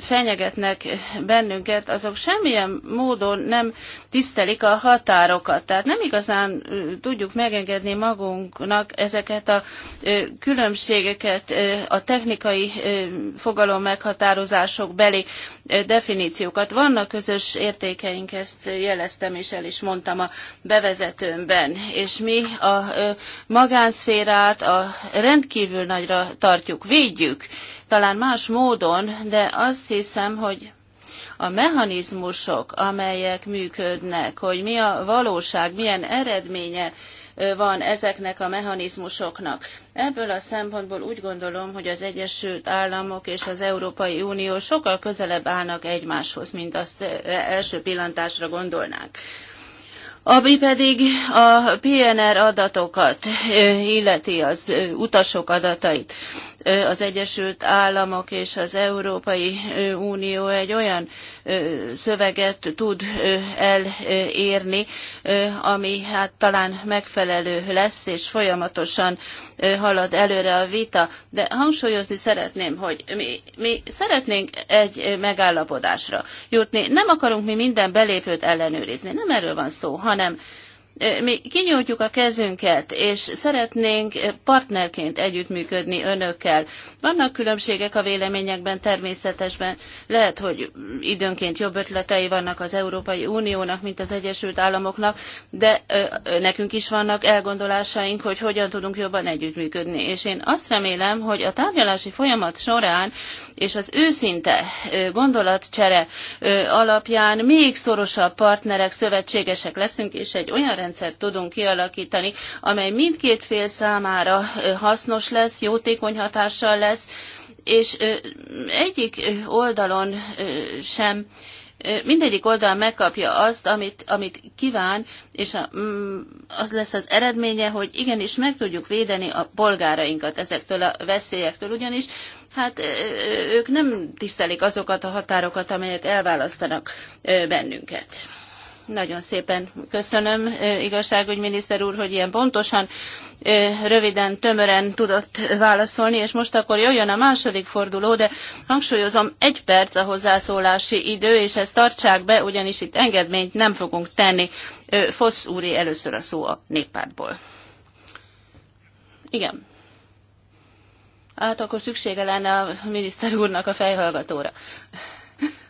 fenyegetnek bennünket, azok semmilyen módon nem tisztelik a határokat. Tehát nem igazán tudjuk megengedni magunknak ezeket a különbségeket a technikai fogalom meghatározások beli definíciókat. Vannak közös értékeink, ezt jeleztem és el is mondtam a bevezetőmben. És mi a magánszférát a rendkívül nagyra tartjuk, védjük, talán más módon, de azt hiszem, hogy a mechanizmusok, amelyek működnek, hogy mi a valóság, milyen eredménye van ezeknek a mechanizmusoknak. Ebből a szempontból úgy gondolom, hogy az Egyesült Államok és az Európai Unió sokkal közelebb állnak egymáshoz, mint azt első pillantásra gondolnánk. Ami pedig a PNR adatokat illeti az utasok adatait az Egyesült Államok és az Európai Unió egy olyan szöveget tud elérni, ami hát talán megfelelő lesz, és folyamatosan halad előre a vita. De hangsúlyozni szeretném, hogy mi, mi szeretnénk egy megállapodásra jutni. Nem akarunk mi minden belépőt ellenőrizni, nem erről van szó, hanem mi kinyújtjuk a kezünket, és szeretnénk partnerként együttműködni önökkel. Vannak különbségek a véleményekben, természetesen lehet, hogy időnként jobb ötletei vannak az Európai Uniónak, mint az Egyesült Államoknak, de nekünk is vannak elgondolásaink, hogy hogyan tudunk jobban együttműködni. És én azt remélem, hogy a tárgyalási folyamat során és az őszinte gondolatcsere alapján még szorosabb partnerek, szövetségesek leszünk, és egy olyan rendszert tudunk kialakítani, amely mindkét fél számára hasznos lesz, jótékony hatással lesz, és egyik oldalon sem mindegyik oldal megkapja azt, amit, amit kíván, és a, mm, az lesz az eredménye, hogy igenis meg tudjuk védeni a polgárainkat ezektől a veszélyektől, ugyanis hát ők nem tisztelik azokat a határokat, amelyek elválasztanak bennünket. Nagyon szépen köszönöm, igazságügy miniszter úr, hogy ilyen pontosan, röviden, tömören tudott válaszolni, és most akkor jöjjön a második forduló, de hangsúlyozom, egy perc a hozzászólási idő, és ezt tartsák be, ugyanis itt engedményt nem fogunk tenni. Fosz úri először a szó a néppártból. Igen. Hát akkor szüksége lenne a miniszter úrnak a fejhallgatóra.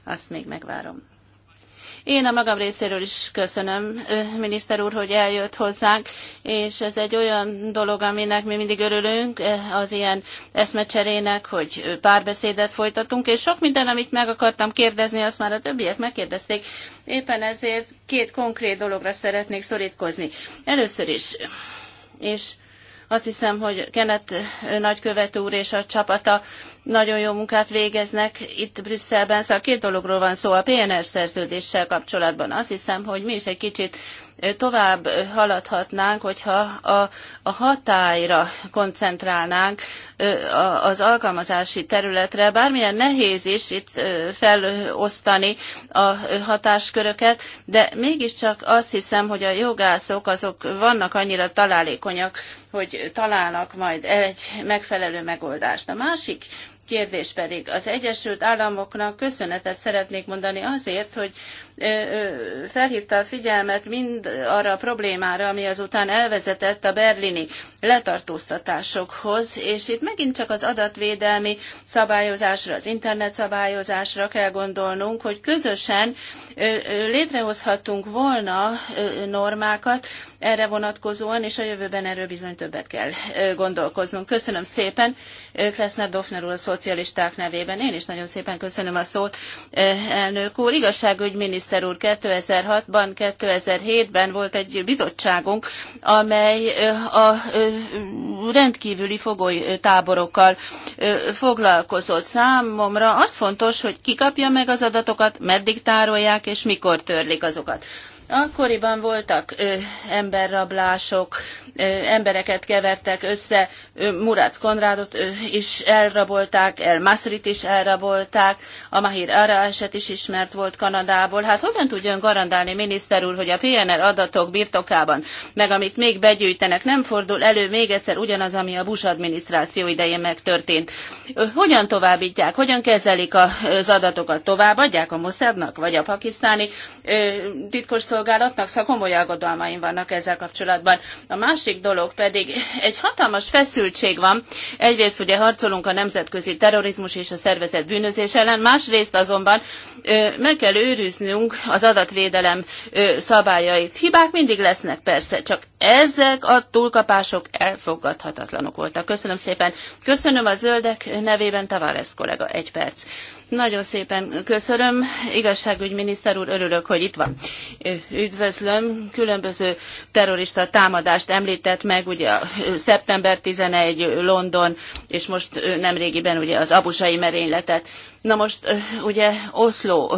Azt még megvárom. Én a magam részéről is köszönöm, miniszter úr, hogy eljött hozzánk, és ez egy olyan dolog, aminek mi mindig örülünk, az ilyen eszmecserének, hogy párbeszédet folytatunk, és sok minden, amit meg akartam kérdezni, azt már a többiek megkérdezték. Éppen ezért két konkrét dologra szeretnék szorítkozni. Először is, és azt hiszem, hogy Kenet nagykövet úr és a csapata nagyon jó munkát végeznek itt Brüsszelben. Szóval két dologról van szó a PNR szerződéssel kapcsolatban. Azt hiszem, hogy mi is egy kicsit tovább haladhatnánk, hogyha a, a hatályra koncentrálnánk az alkalmazási területre. Bármilyen nehéz is itt felosztani a hatásköröket, de mégiscsak azt hiszem, hogy a jogászok azok vannak annyira találékonyak, hogy találnak majd egy megfelelő megoldást. A másik kérdés pedig az Egyesült Államoknak köszönetet szeretnék mondani azért, hogy felhívta a figyelmet mind arra a problémára, ami azután elvezetett a berlini letartóztatásokhoz, és itt megint csak az adatvédelmi szabályozásra, az internet szabályozásra kell gondolnunk, hogy közösen létrehozhatunk volna normákat erre vonatkozóan, és a jövőben erről bizony többet kell gondolkoznunk. Köszönöm szépen Kleszner Dofner úr a szocialisták nevében. Én is nagyon szépen köszönöm a szót, elnök úr. Igazságügyminiszter miniszter úr, 2006-ban, 2007-ben volt egy bizottságunk, amely a rendkívüli fogoly táborokkal foglalkozott. Számomra az fontos, hogy ki kapja meg az adatokat, meddig tárolják és mikor törlik azokat. Akkoriban voltak ö, emberrablások, ö, embereket kevertek össze, ö, Murac Konrádot ö, is elrabolták, El Masrit is elrabolták, a Mahir Ara eset is ismert volt Kanadából. Hát hogyan tudjon garantálni miniszter úr, hogy a PNR adatok birtokában, meg amit még begyűjtenek, nem fordul elő még egyszer ugyanaz, ami a Bush adminisztráció idején megtörtént. Ö, hogyan továbbítják, hogyan kezelik az adatokat? Továbbadják a Mossadnak, vagy a pakisztáni ö, titkos szolgálatnak, szóval komoly aggodalmaim vannak ezzel kapcsolatban. A másik dolog pedig egy hatalmas feszültség van. Egyrészt ugye harcolunk a nemzetközi terrorizmus és a szervezet bűnözés ellen, másrészt azonban meg kell őriznünk az adatvédelem szabályait. Hibák mindig lesznek persze, csak ezek a túlkapások elfogadhatatlanok voltak. Köszönöm szépen. Köszönöm a zöldek nevében, Tavares kollega, egy perc. Nagyon szépen köszönöm. miniszter úr, örülök, hogy itt van. Üdvözlöm. Különböző terrorista támadást említett meg, ugye szeptember 11 London, és most nemrégiben ugye az abusai merényletet. Na most ugye Oszló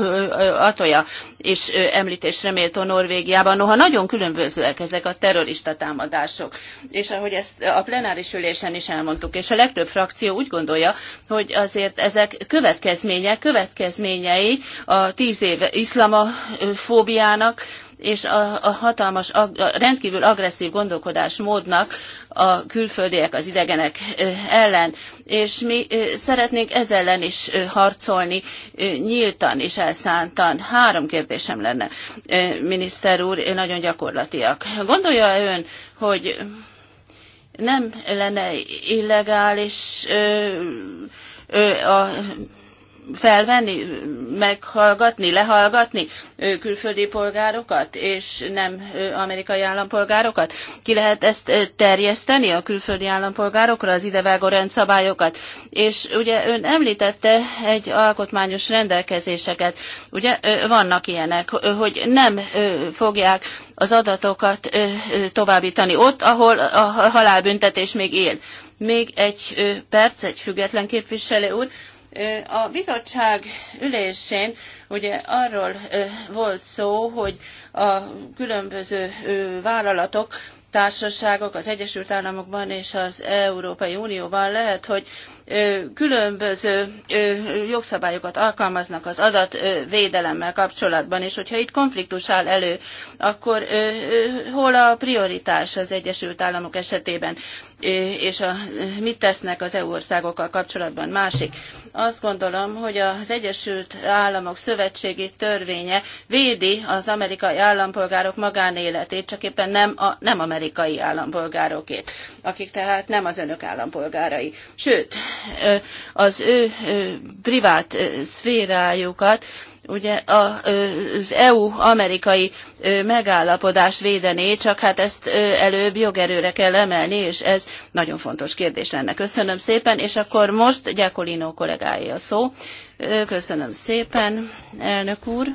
atoja és említésre méltó Norvégiában, noha nagyon különbözőek ezek a terrorista támadások. És ahogy ezt a plenáris ülésen is elmondtuk, és a legtöbb frakció úgy gondolja, hogy azért ezek következmények, következményei a tíz év iszlamofóbiának, és a, a hatalmas, ag, a rendkívül agresszív gondolkodásmódnak a külföldiek, az idegenek ellen. És mi szeretnénk ez ellen is harcolni nyíltan és elszántan. Három kérdésem lenne, miniszter úr, nagyon gyakorlatiak. Gondolja ön, hogy nem lenne illegális ö, ö, a felvenni, meghallgatni, lehallgatni külföldi polgárokat, és nem amerikai állampolgárokat? Ki lehet ezt terjeszteni a külföldi állampolgárokra, az idevágó rendszabályokat? És ugye ön említette egy alkotmányos rendelkezéseket, ugye vannak ilyenek, hogy nem fogják az adatokat továbbítani ott, ahol a halálbüntetés még él. Még egy perc, egy független képviselő úr. A bizottság ülésén ugye arról volt szó, hogy a különböző vállalatok, társaságok az Egyesült Államokban és az Európai Unióban lehet, hogy különböző jogszabályokat alkalmaznak az adatvédelemmel kapcsolatban, és hogyha itt konfliktus áll elő, akkor hol a prioritás az Egyesült Államok esetében, és a, mit tesznek az EU országokkal kapcsolatban? Másik. Azt gondolom, hogy az Egyesült Államok szövetségi törvénye védi az amerikai állampolgárok magánéletét, csak éppen nem a nem amerikai állampolgárokét, akik tehát nem az önök állampolgárai. Sőt, az ő privát szférájukat, ugye az EU-amerikai megállapodás védené, csak hát ezt előbb jogerőre kell emelni, és ez nagyon fontos kérdés lenne. Köszönöm szépen, és akkor most Gyakolino kollégája a szó. Köszönöm szépen, elnök úr.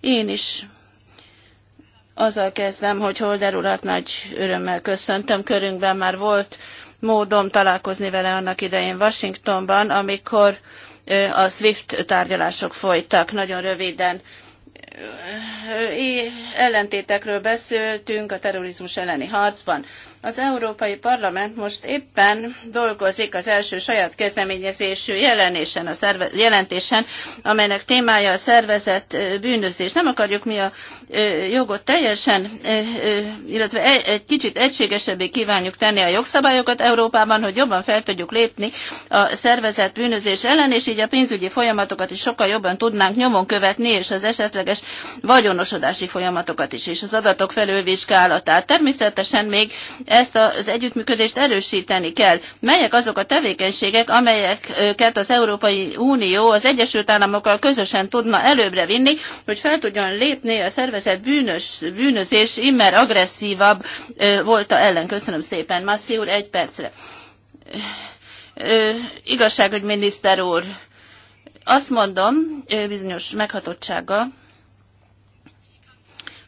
Én is azzal kezdem, hogy Holder urat nagy örömmel köszöntöm. Körünkben már volt módom találkozni vele annak idején Washingtonban, amikor a SWIFT tárgyalások folytak. Nagyon röviden ellentétekről beszéltünk a terrorizmus elleni harcban. Az Európai Parlament most éppen dolgozik az első saját kezdeményezésű jelenésen, a szerve, jelentésen, amelynek témája a szervezett bűnözés. Nem akarjuk mi a jogot teljesen, illetve egy kicsit egységesebbé kívánjuk tenni a jogszabályokat Európában, hogy jobban fel tudjuk lépni a szervezett bűnözés ellen, és így a pénzügyi folyamatokat is sokkal jobban tudnánk nyomon követni, és az esetleges vagyonosodási folyamatokat is, és az adatok felülvizsgálatát. Természetesen még ezt az együttműködést erősíteni kell. Melyek azok a tevékenységek, amelyeket az Európai Unió az Egyesült Államokkal közösen tudna előbbre vinni, hogy fel tudjon lépni a szervezet bűnös, bűnözés immer agresszívabb a ellen. Köszönöm szépen. Masszi úr, egy percre. Ö, igazságügy miniszter úr, azt mondom bizonyos meghatottsága,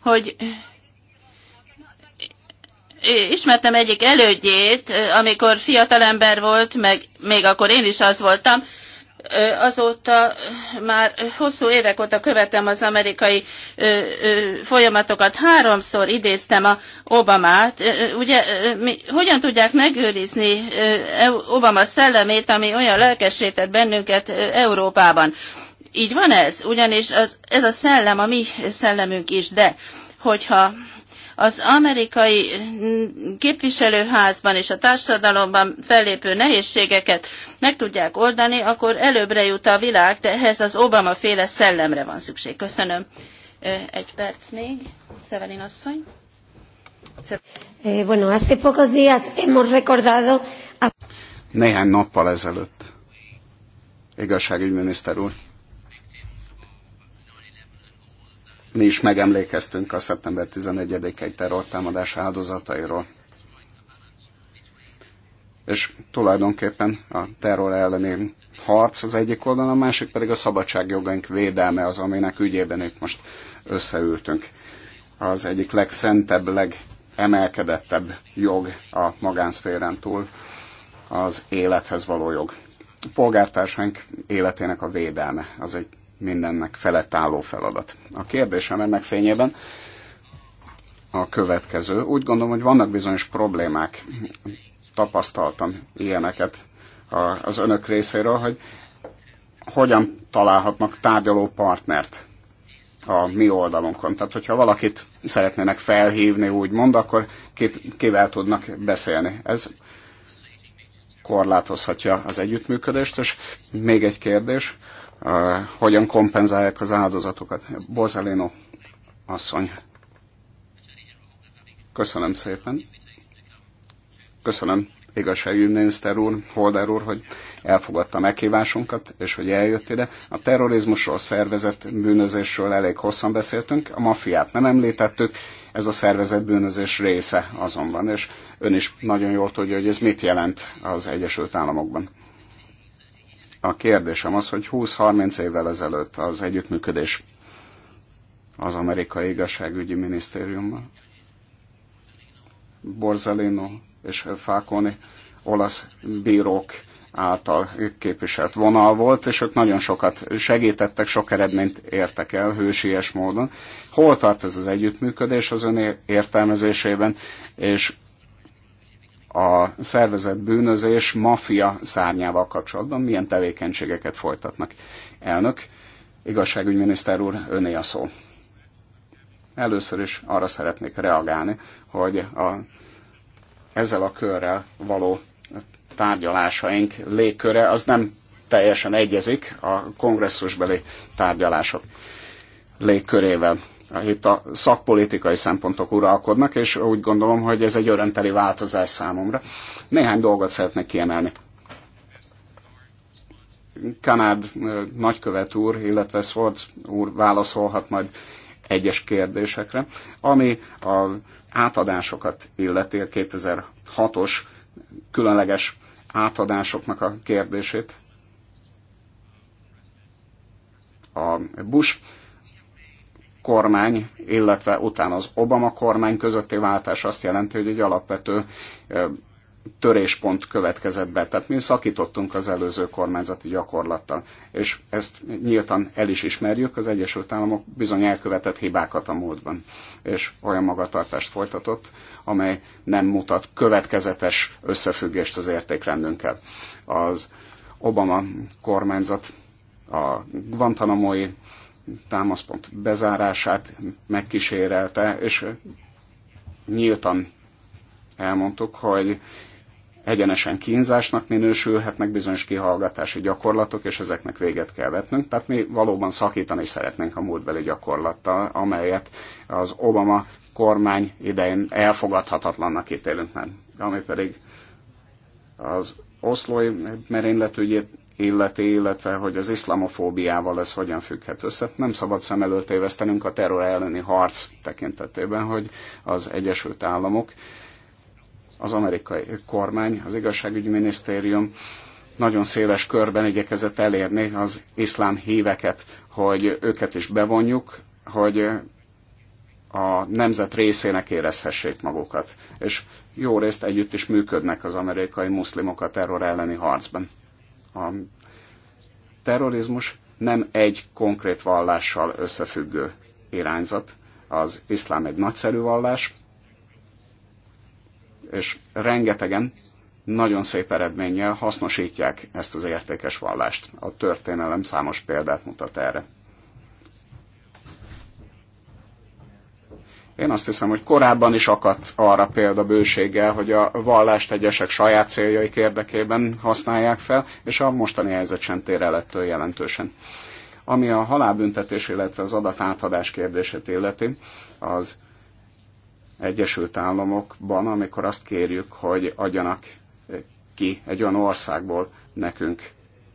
hogy ismertem egyik elődjét, amikor fiatalember volt, meg még akkor én is az voltam, azóta már hosszú évek óta követem az amerikai folyamatokat. Háromszor idéztem a Obamát. Ugye mi, hogyan tudják megőrizni Obama szellemét, ami olyan lelkesített bennünket Európában? Így van ez, ugyanis az, ez a szellem a mi szellemünk is, de hogyha az amerikai képviselőházban és a társadalomban fellépő nehézségeket meg tudják oldani, akkor előbbre jut a világ, de ehhez az Obama féle szellemre van szükség. Köszönöm. Egy perc még. Szevelin asszony. Eh, bueno, hace pocos días hemos recordado a... Néhány nappal ezelőtt, igazságügyminiszter úr, Mi is megemlékeztünk a szeptember 11-i terrortámadás áldozatairól. És tulajdonképpen a terror elleni harc az egyik oldalon, a másik pedig a szabadságjogaink védelme az, aminek ügyében itt most összeültünk. Az egyik legszentebb, legemelkedettebb jog a magánszférán túl az élethez való jog. A polgártársaink életének a védelme az egy mindennek felett álló feladat. A kérdésem ennek fényében a következő. Úgy gondolom, hogy vannak bizonyos problémák, tapasztaltam ilyeneket az önök részéről, hogy hogyan találhatnak tárgyaló partnert a mi oldalunkon. Tehát, hogyha valakit szeretnének felhívni, úgymond, akkor kit, kivel tudnak beszélni. Ez korlátozhatja az együttműködést, és még egy kérdés, hogyan kompenzálják az áldozatokat. Bozzalino asszony. Köszönöm szépen. Köszönöm miniszter úr, Holder úr, hogy elfogadta meghívásunkat, és hogy eljött ide. A terrorizmusról, szervezet bűnözésről elég hosszan beszéltünk, a mafiát nem említettük, ez a szervezet bűnözés része azonban, és ön is nagyon jól tudja, hogy ez mit jelent az Egyesült Államokban. A kérdésem az, hogy 20-30 évvel ezelőtt az együttműködés az amerikai igazságügyi minisztériummal, Borzellino és Fákoni olasz bírók által képviselt vonal volt, és ők nagyon sokat segítettek, sok eredményt értek el hősies módon. Hol tart ez az együttműködés az ön értelmezésében, és a szervezett bűnözés mafia szárnyával kapcsolatban milyen tevékenységeket folytatnak. Elnök, igazságügyminiszter úr, öné a szó. Először is arra szeretnék reagálni, hogy a, ezzel a körrel való tárgyalásaink légköre az nem teljesen egyezik a kongresszusbeli tárgyalások légkörével itt a szakpolitikai szempontok uralkodnak, és úgy gondolom, hogy ez egy örömteli változás számomra. Néhány dolgot szeretnék kiemelni. Kanád nagykövet úr, illetve Swords úr válaszolhat majd egyes kérdésekre, ami az átadásokat illeti a 2006-os különleges átadásoknak a kérdését. A Bush kormány, illetve utána az Obama kormány közötti váltás azt jelenti, hogy egy alapvető töréspont következett be. Tehát mi szakítottunk az előző kormányzati gyakorlattal, és ezt nyíltan el is ismerjük, az Egyesült Államok bizony elkövetett hibákat a módban, és olyan magatartást folytatott, amely nem mutat következetes összefüggést az értékrendünkkel. Az Obama kormányzat a Guantanamo-i támaszpont bezárását megkísérelte, és nyíltan elmondtuk, hogy egyenesen kínzásnak minősülhetnek bizonyos kihallgatási gyakorlatok, és ezeknek véget kell vetnünk. Tehát mi valóban szakítani szeretnénk a múltbeli gyakorlattal, amelyet az Obama kormány idején elfogadhatatlannak ítélünk meg. ami pedig az oszlói merényletügyét illeti, illetve hogy az iszlamofóbiával ez hogyan függhet össze. Nem szabad szem előtt évesztenünk a terror elleni harc tekintetében, hogy az Egyesült Államok, az amerikai kormány, az igazságügyi minisztérium nagyon széles körben igyekezett elérni az iszlám híveket, hogy őket is bevonjuk, hogy a nemzet részének érezhessék magukat. És jó részt együtt is működnek az amerikai muszlimok a terror elleni harcban. A terrorizmus nem egy konkrét vallással összefüggő irányzat. Az iszlám egy nagyszerű vallás, és rengetegen nagyon szép eredménnyel hasznosítják ezt az értékes vallást. A történelem számos példát mutat erre. Én azt hiszem, hogy korábban is akadt arra példa bőséggel, hogy a vallást egyesek saját céljaik érdekében használják fel, és a mostani helyzet sem tér el ettől jelentősen. Ami a halálbüntetés, illetve az adatátadás kérdését illeti, az Egyesült Államokban, amikor azt kérjük, hogy adjanak ki egy olyan országból nekünk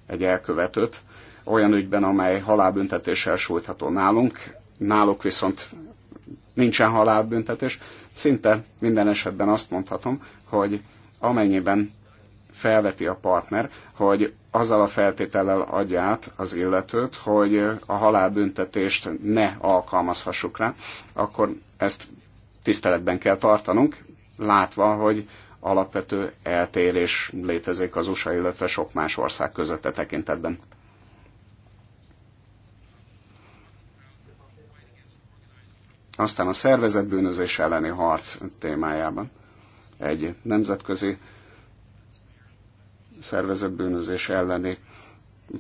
egy elkövetőt, olyan ügyben, amely halálbüntetéssel sújtható nálunk, náluk viszont nincsen halálbüntetés. Szinte minden esetben azt mondhatom, hogy amennyiben felveti a partner, hogy azzal a feltétellel adja át az illetőt, hogy a halálbüntetést ne alkalmazhassuk rá, akkor ezt tiszteletben kell tartanunk, látva, hogy alapvető eltérés létezik az USA, illetve sok más ország között a tekintetben. Aztán a szervezetbűnözés elleni harc témájában egy nemzetközi szervezetbűnözés elleni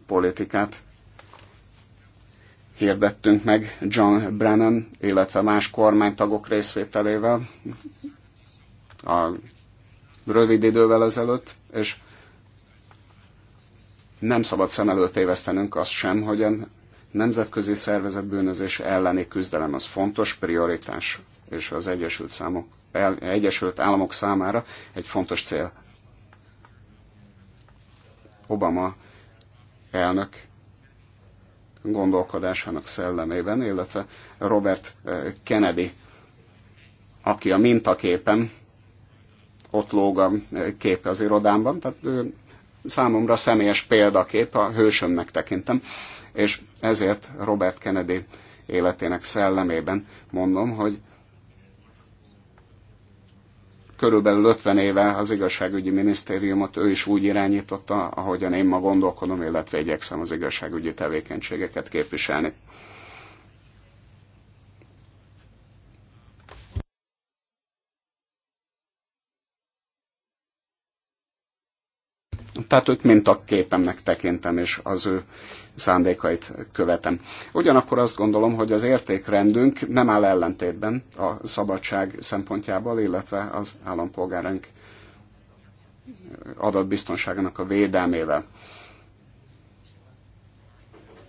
politikát hirdettünk meg John Brennan, illetve más kormánytagok részvételével a rövid idővel ezelőtt, és nem szabad szem előtt évesztenünk azt sem, hogy nemzetközi bűnözés elleni küzdelem az fontos prioritás, és az Egyesült, számok, el, Egyesült Államok számára egy fontos cél. Obama elnök gondolkodásának szellemében, illetve Robert eh, Kennedy, aki a mintaképen ott lóg a eh, képe az irodámban, tehát ő eh, számomra személyes példakép, a hősömnek tekintem, és ezért Robert Kennedy életének szellemében mondom, hogy körülbelül 50 éve az igazságügyi minisztériumot ő is úgy irányította, ahogyan én ma gondolkodom, illetve igyekszem az igazságügyi tevékenységeket képviselni. Tehát őt képemnek tekintem, és az ő szándékait követem. Ugyanakkor azt gondolom, hogy az értékrendünk nem áll ellentétben a szabadság szempontjából, illetve az adott biztonságának a védelmével.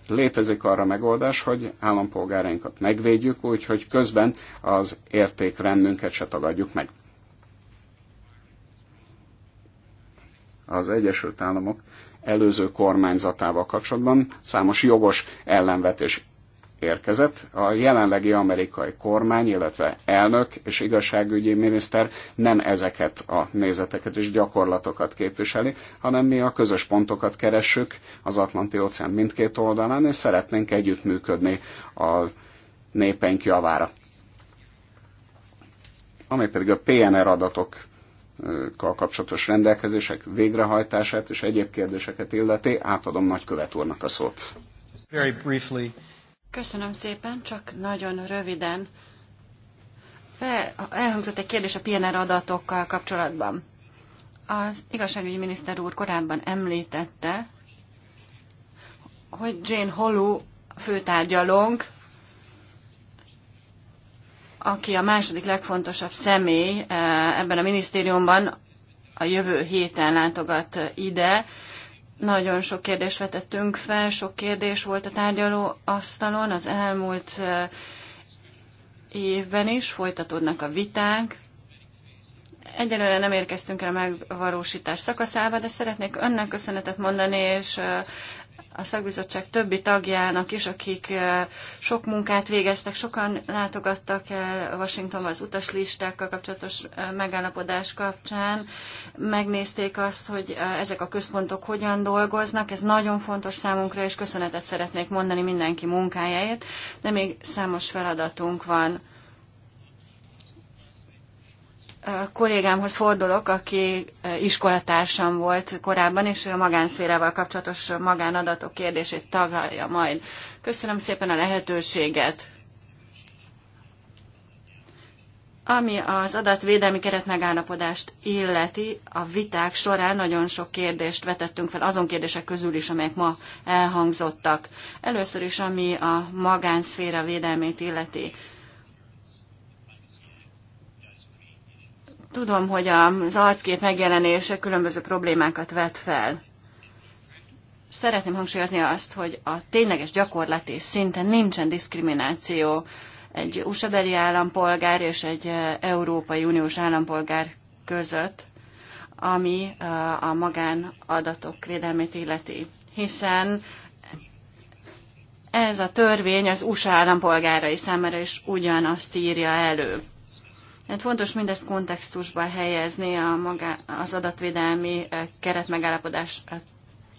Létezik arra megoldás, hogy állampolgárainkat megvédjük, úgyhogy közben az értékrendünket se tagadjuk meg. az Egyesült Államok előző kormányzatával kapcsolatban számos jogos ellenvetés érkezett. A jelenlegi amerikai kormány, illetve elnök és igazságügyi miniszter nem ezeket a nézeteket és gyakorlatokat képviseli, hanem mi a közös pontokat keressük az Atlanti-óceán mindkét oldalán, és szeretnénk együttműködni a népeink javára. Ami pedig a PNR adatok kapcsolatos rendelkezések végrehajtását és egyéb kérdéseket illeti. Átadom nagykövet úrnak a szót. Very briefly. Köszönöm szépen, csak nagyon röviden. Fel, elhangzott egy kérdés a PNR adatokkal kapcsolatban. Az igazságügyi miniszter úr korábban említette, hogy Jane Hollow főtárgyalónk aki a második legfontosabb személy eh, ebben a minisztériumban, a jövő héten látogat ide. Nagyon sok kérdést vetettünk fel, sok kérdés volt a tárgyaló asztalon az elmúlt eh, évben is, folytatódnak a viták. Egyelőre nem érkeztünk el a megvalósítás szakaszába, de szeretnék önnek köszönetet mondani, és eh, a szakbizottság többi tagjának is, akik sok munkát végeztek, sokan látogattak el Washingtonba az utaslistákkal kapcsolatos megállapodás kapcsán, megnézték azt, hogy ezek a központok hogyan dolgoznak, ez nagyon fontos számunkra, és köszönetet szeretnék mondani mindenki munkájáért, de még számos feladatunk van kollégámhoz fordulok, aki e, iskolatársam volt korábban, és ő a magánszférával kapcsolatos magánadatok kérdését taglalja majd. Köszönöm szépen a lehetőséget. Ami az adatvédelmi keretmegállapodást illeti, a viták során nagyon sok kérdést vetettünk fel, azon kérdések közül is, amelyek ma elhangzottak. Először is, ami a magánszféra védelmét illeti. Tudom, hogy az arckép megjelenése különböző problémákat vet fel. Szeretném hangsúlyozni azt, hogy a tényleges gyakorlati szinten nincsen diszkrimináció egy usa állampolgár és egy Európai Uniós állampolgár között, ami a magánadatok védelmét illeti. Hiszen ez a törvény az USA állampolgárai számára is ugyanazt írja elő. Hát fontos mindezt kontextusba helyezni a maga, az adatvédelmi eh, keretmegállapodás eh,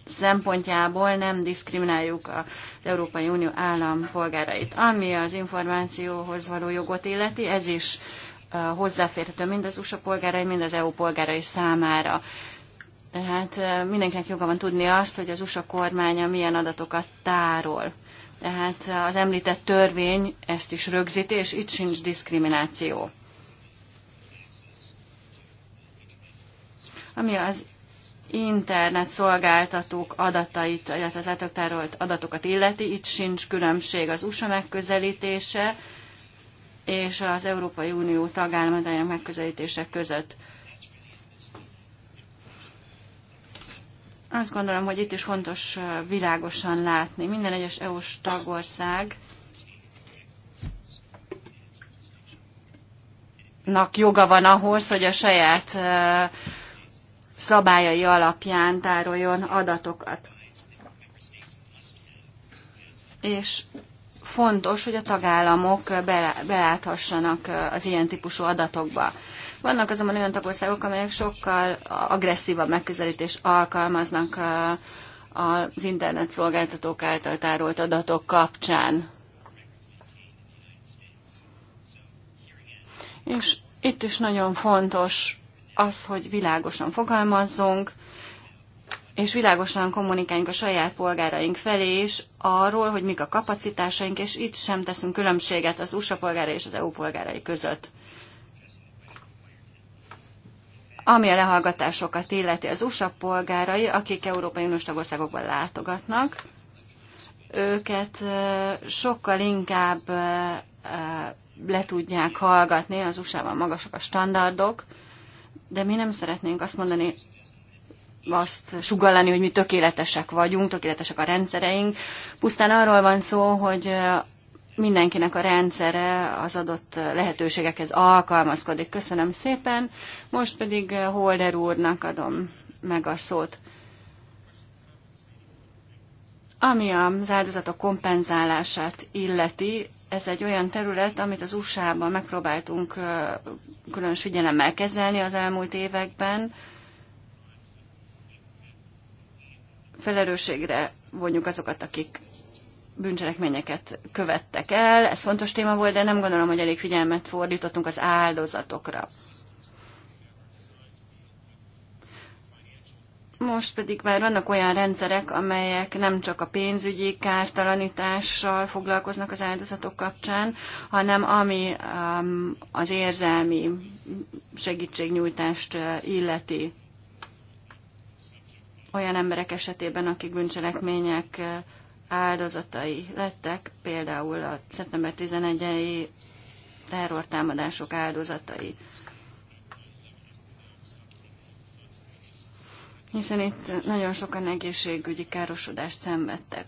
szempontjából nem diszkrimináljuk az Európai Unió állampolgárait. Ami az információhoz való jogot illeti, ez is eh, hozzáférhető mind az USA polgárai, mind az EU polgárai számára. Tehát mindenkinek joga van tudni azt, hogy az USA kormánya milyen adatokat tárol. Tehát az említett törvény ezt is rögzíti, és itt sincs diszkrimináció. ami az internet szolgáltatók adatait, illetve az eltárolt adatokat illeti. Itt sincs különbség az USA megközelítése és az Európai Unió tagállamadájának megközelítése között. Azt gondolom, hogy itt is fontos világosan látni. Minden egyes EU-s tagország nak joga van ahhoz, hogy a saját uh, szabályai alapján tároljon adatokat. És fontos, hogy a tagállamok beláthassanak az ilyen típusú adatokba. Vannak azonban olyan tagországok, amelyek sokkal agresszívabb megközelítés alkalmaznak az internetszolgáltatók által tárolt adatok kapcsán. És itt is nagyon fontos az, hogy világosan fogalmazzunk, és világosan kommunikáljunk a saját polgáraink felé is arról, hogy mik a kapacitásaink, és itt sem teszünk különbséget az USA polgára és az EU polgárai között. Ami a lehallgatásokat illeti, az USA polgárai, akik Európai Uniós tagországokban látogatnak, őket sokkal inkább le tudják hallgatni, az USA-ban magasak a standardok, de mi nem szeretnénk azt mondani, azt sugallani, hogy mi tökéletesek vagyunk, tökéletesek a rendszereink. Pusztán arról van szó, hogy mindenkinek a rendszere az adott lehetőségekhez alkalmazkodik. Köszönöm szépen. Most pedig Holder úrnak adom meg a szót. Ami az áldozatok kompenzálását illeti, ez egy olyan terület, amit az USA-ban megpróbáltunk különös figyelemmel kezelni az elmúlt években. Felelősségre vonjuk azokat, akik bűncselekményeket követtek el. Ez fontos téma volt, de nem gondolom, hogy elég figyelmet fordítottunk az áldozatokra. Most pedig már vannak olyan rendszerek, amelyek nem csak a pénzügyi kártalanítással foglalkoznak az áldozatok kapcsán, hanem ami um, az érzelmi segítségnyújtást uh, illeti olyan emberek esetében, akik bűncselekmények uh, áldozatai lettek, például a szeptember 11-i terrortámadások áldozatai. hiszen itt nagyon sokan egészségügyi károsodást szenvedtek.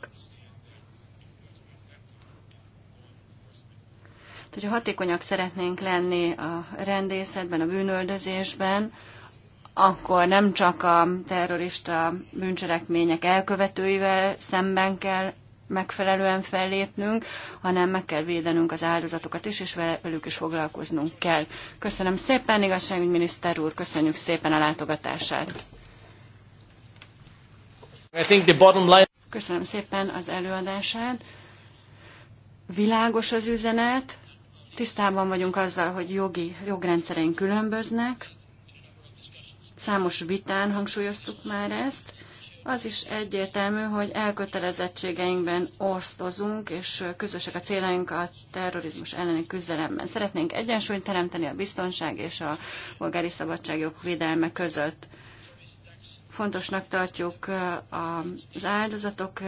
Tehát, hogyha hatékonyak szeretnénk lenni a rendészetben, a bűnöldözésben, akkor nem csak a terrorista bűncselekmények elkövetőivel szemben kell megfelelően fellépnünk, hanem meg kell védenünk az áldozatokat is, és velük is foglalkoznunk kell. Köszönöm szépen, igazságügyminiszter úr, köszönjük szépen a látogatását. Köszönöm szépen az előadását. Világos az üzenet, tisztában vagyunk azzal, hogy jogi jogrendszereink különböznek. Számos vitán hangsúlyoztuk már ezt. Az is egyértelmű, hogy elkötelezettségeinkben osztozunk, és közösek a céljaink a terrorizmus elleni küzdelemben. Szeretnénk egyensúlyt teremteni a biztonság és a polgári szabadságjog védelme között. Fontosnak tartjuk az áldozatok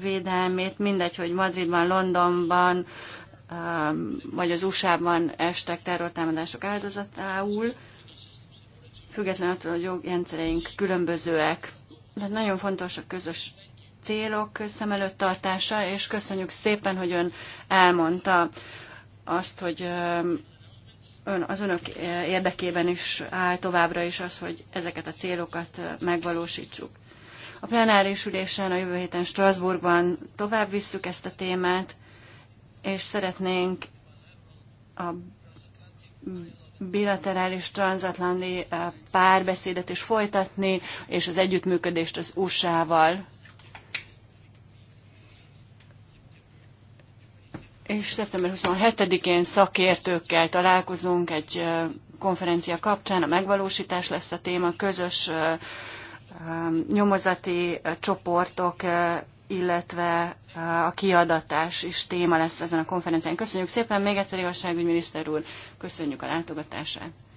védelmét, mindegy, hogy Madridban, Londonban, vagy az USA-ban estek terrortámadások áldozatául, függetlenül attól, hogy jogrendszereink különbözőek. De nagyon fontos a közös célok szem előtt tartása, és köszönjük szépen, hogy ön elmondta azt, hogy ön, az önök érdekében is áll továbbra is az, hogy ezeket a célokat megvalósítsuk. A plenáris ülésen a jövő héten Strasbourgban tovább visszük ezt a témát, és szeretnénk a bilaterális transatlanti párbeszédet is folytatni, és az együttműködést az USA-val és szeptember 27-én szakértőkkel találkozunk egy konferencia kapcsán, a megvalósítás lesz a téma, közös nyomozati csoportok, illetve a kiadatás is téma lesz ezen a konferencián. Köszönjük szépen, még egyszer igazságügyminiszter úr, köszönjük a látogatását.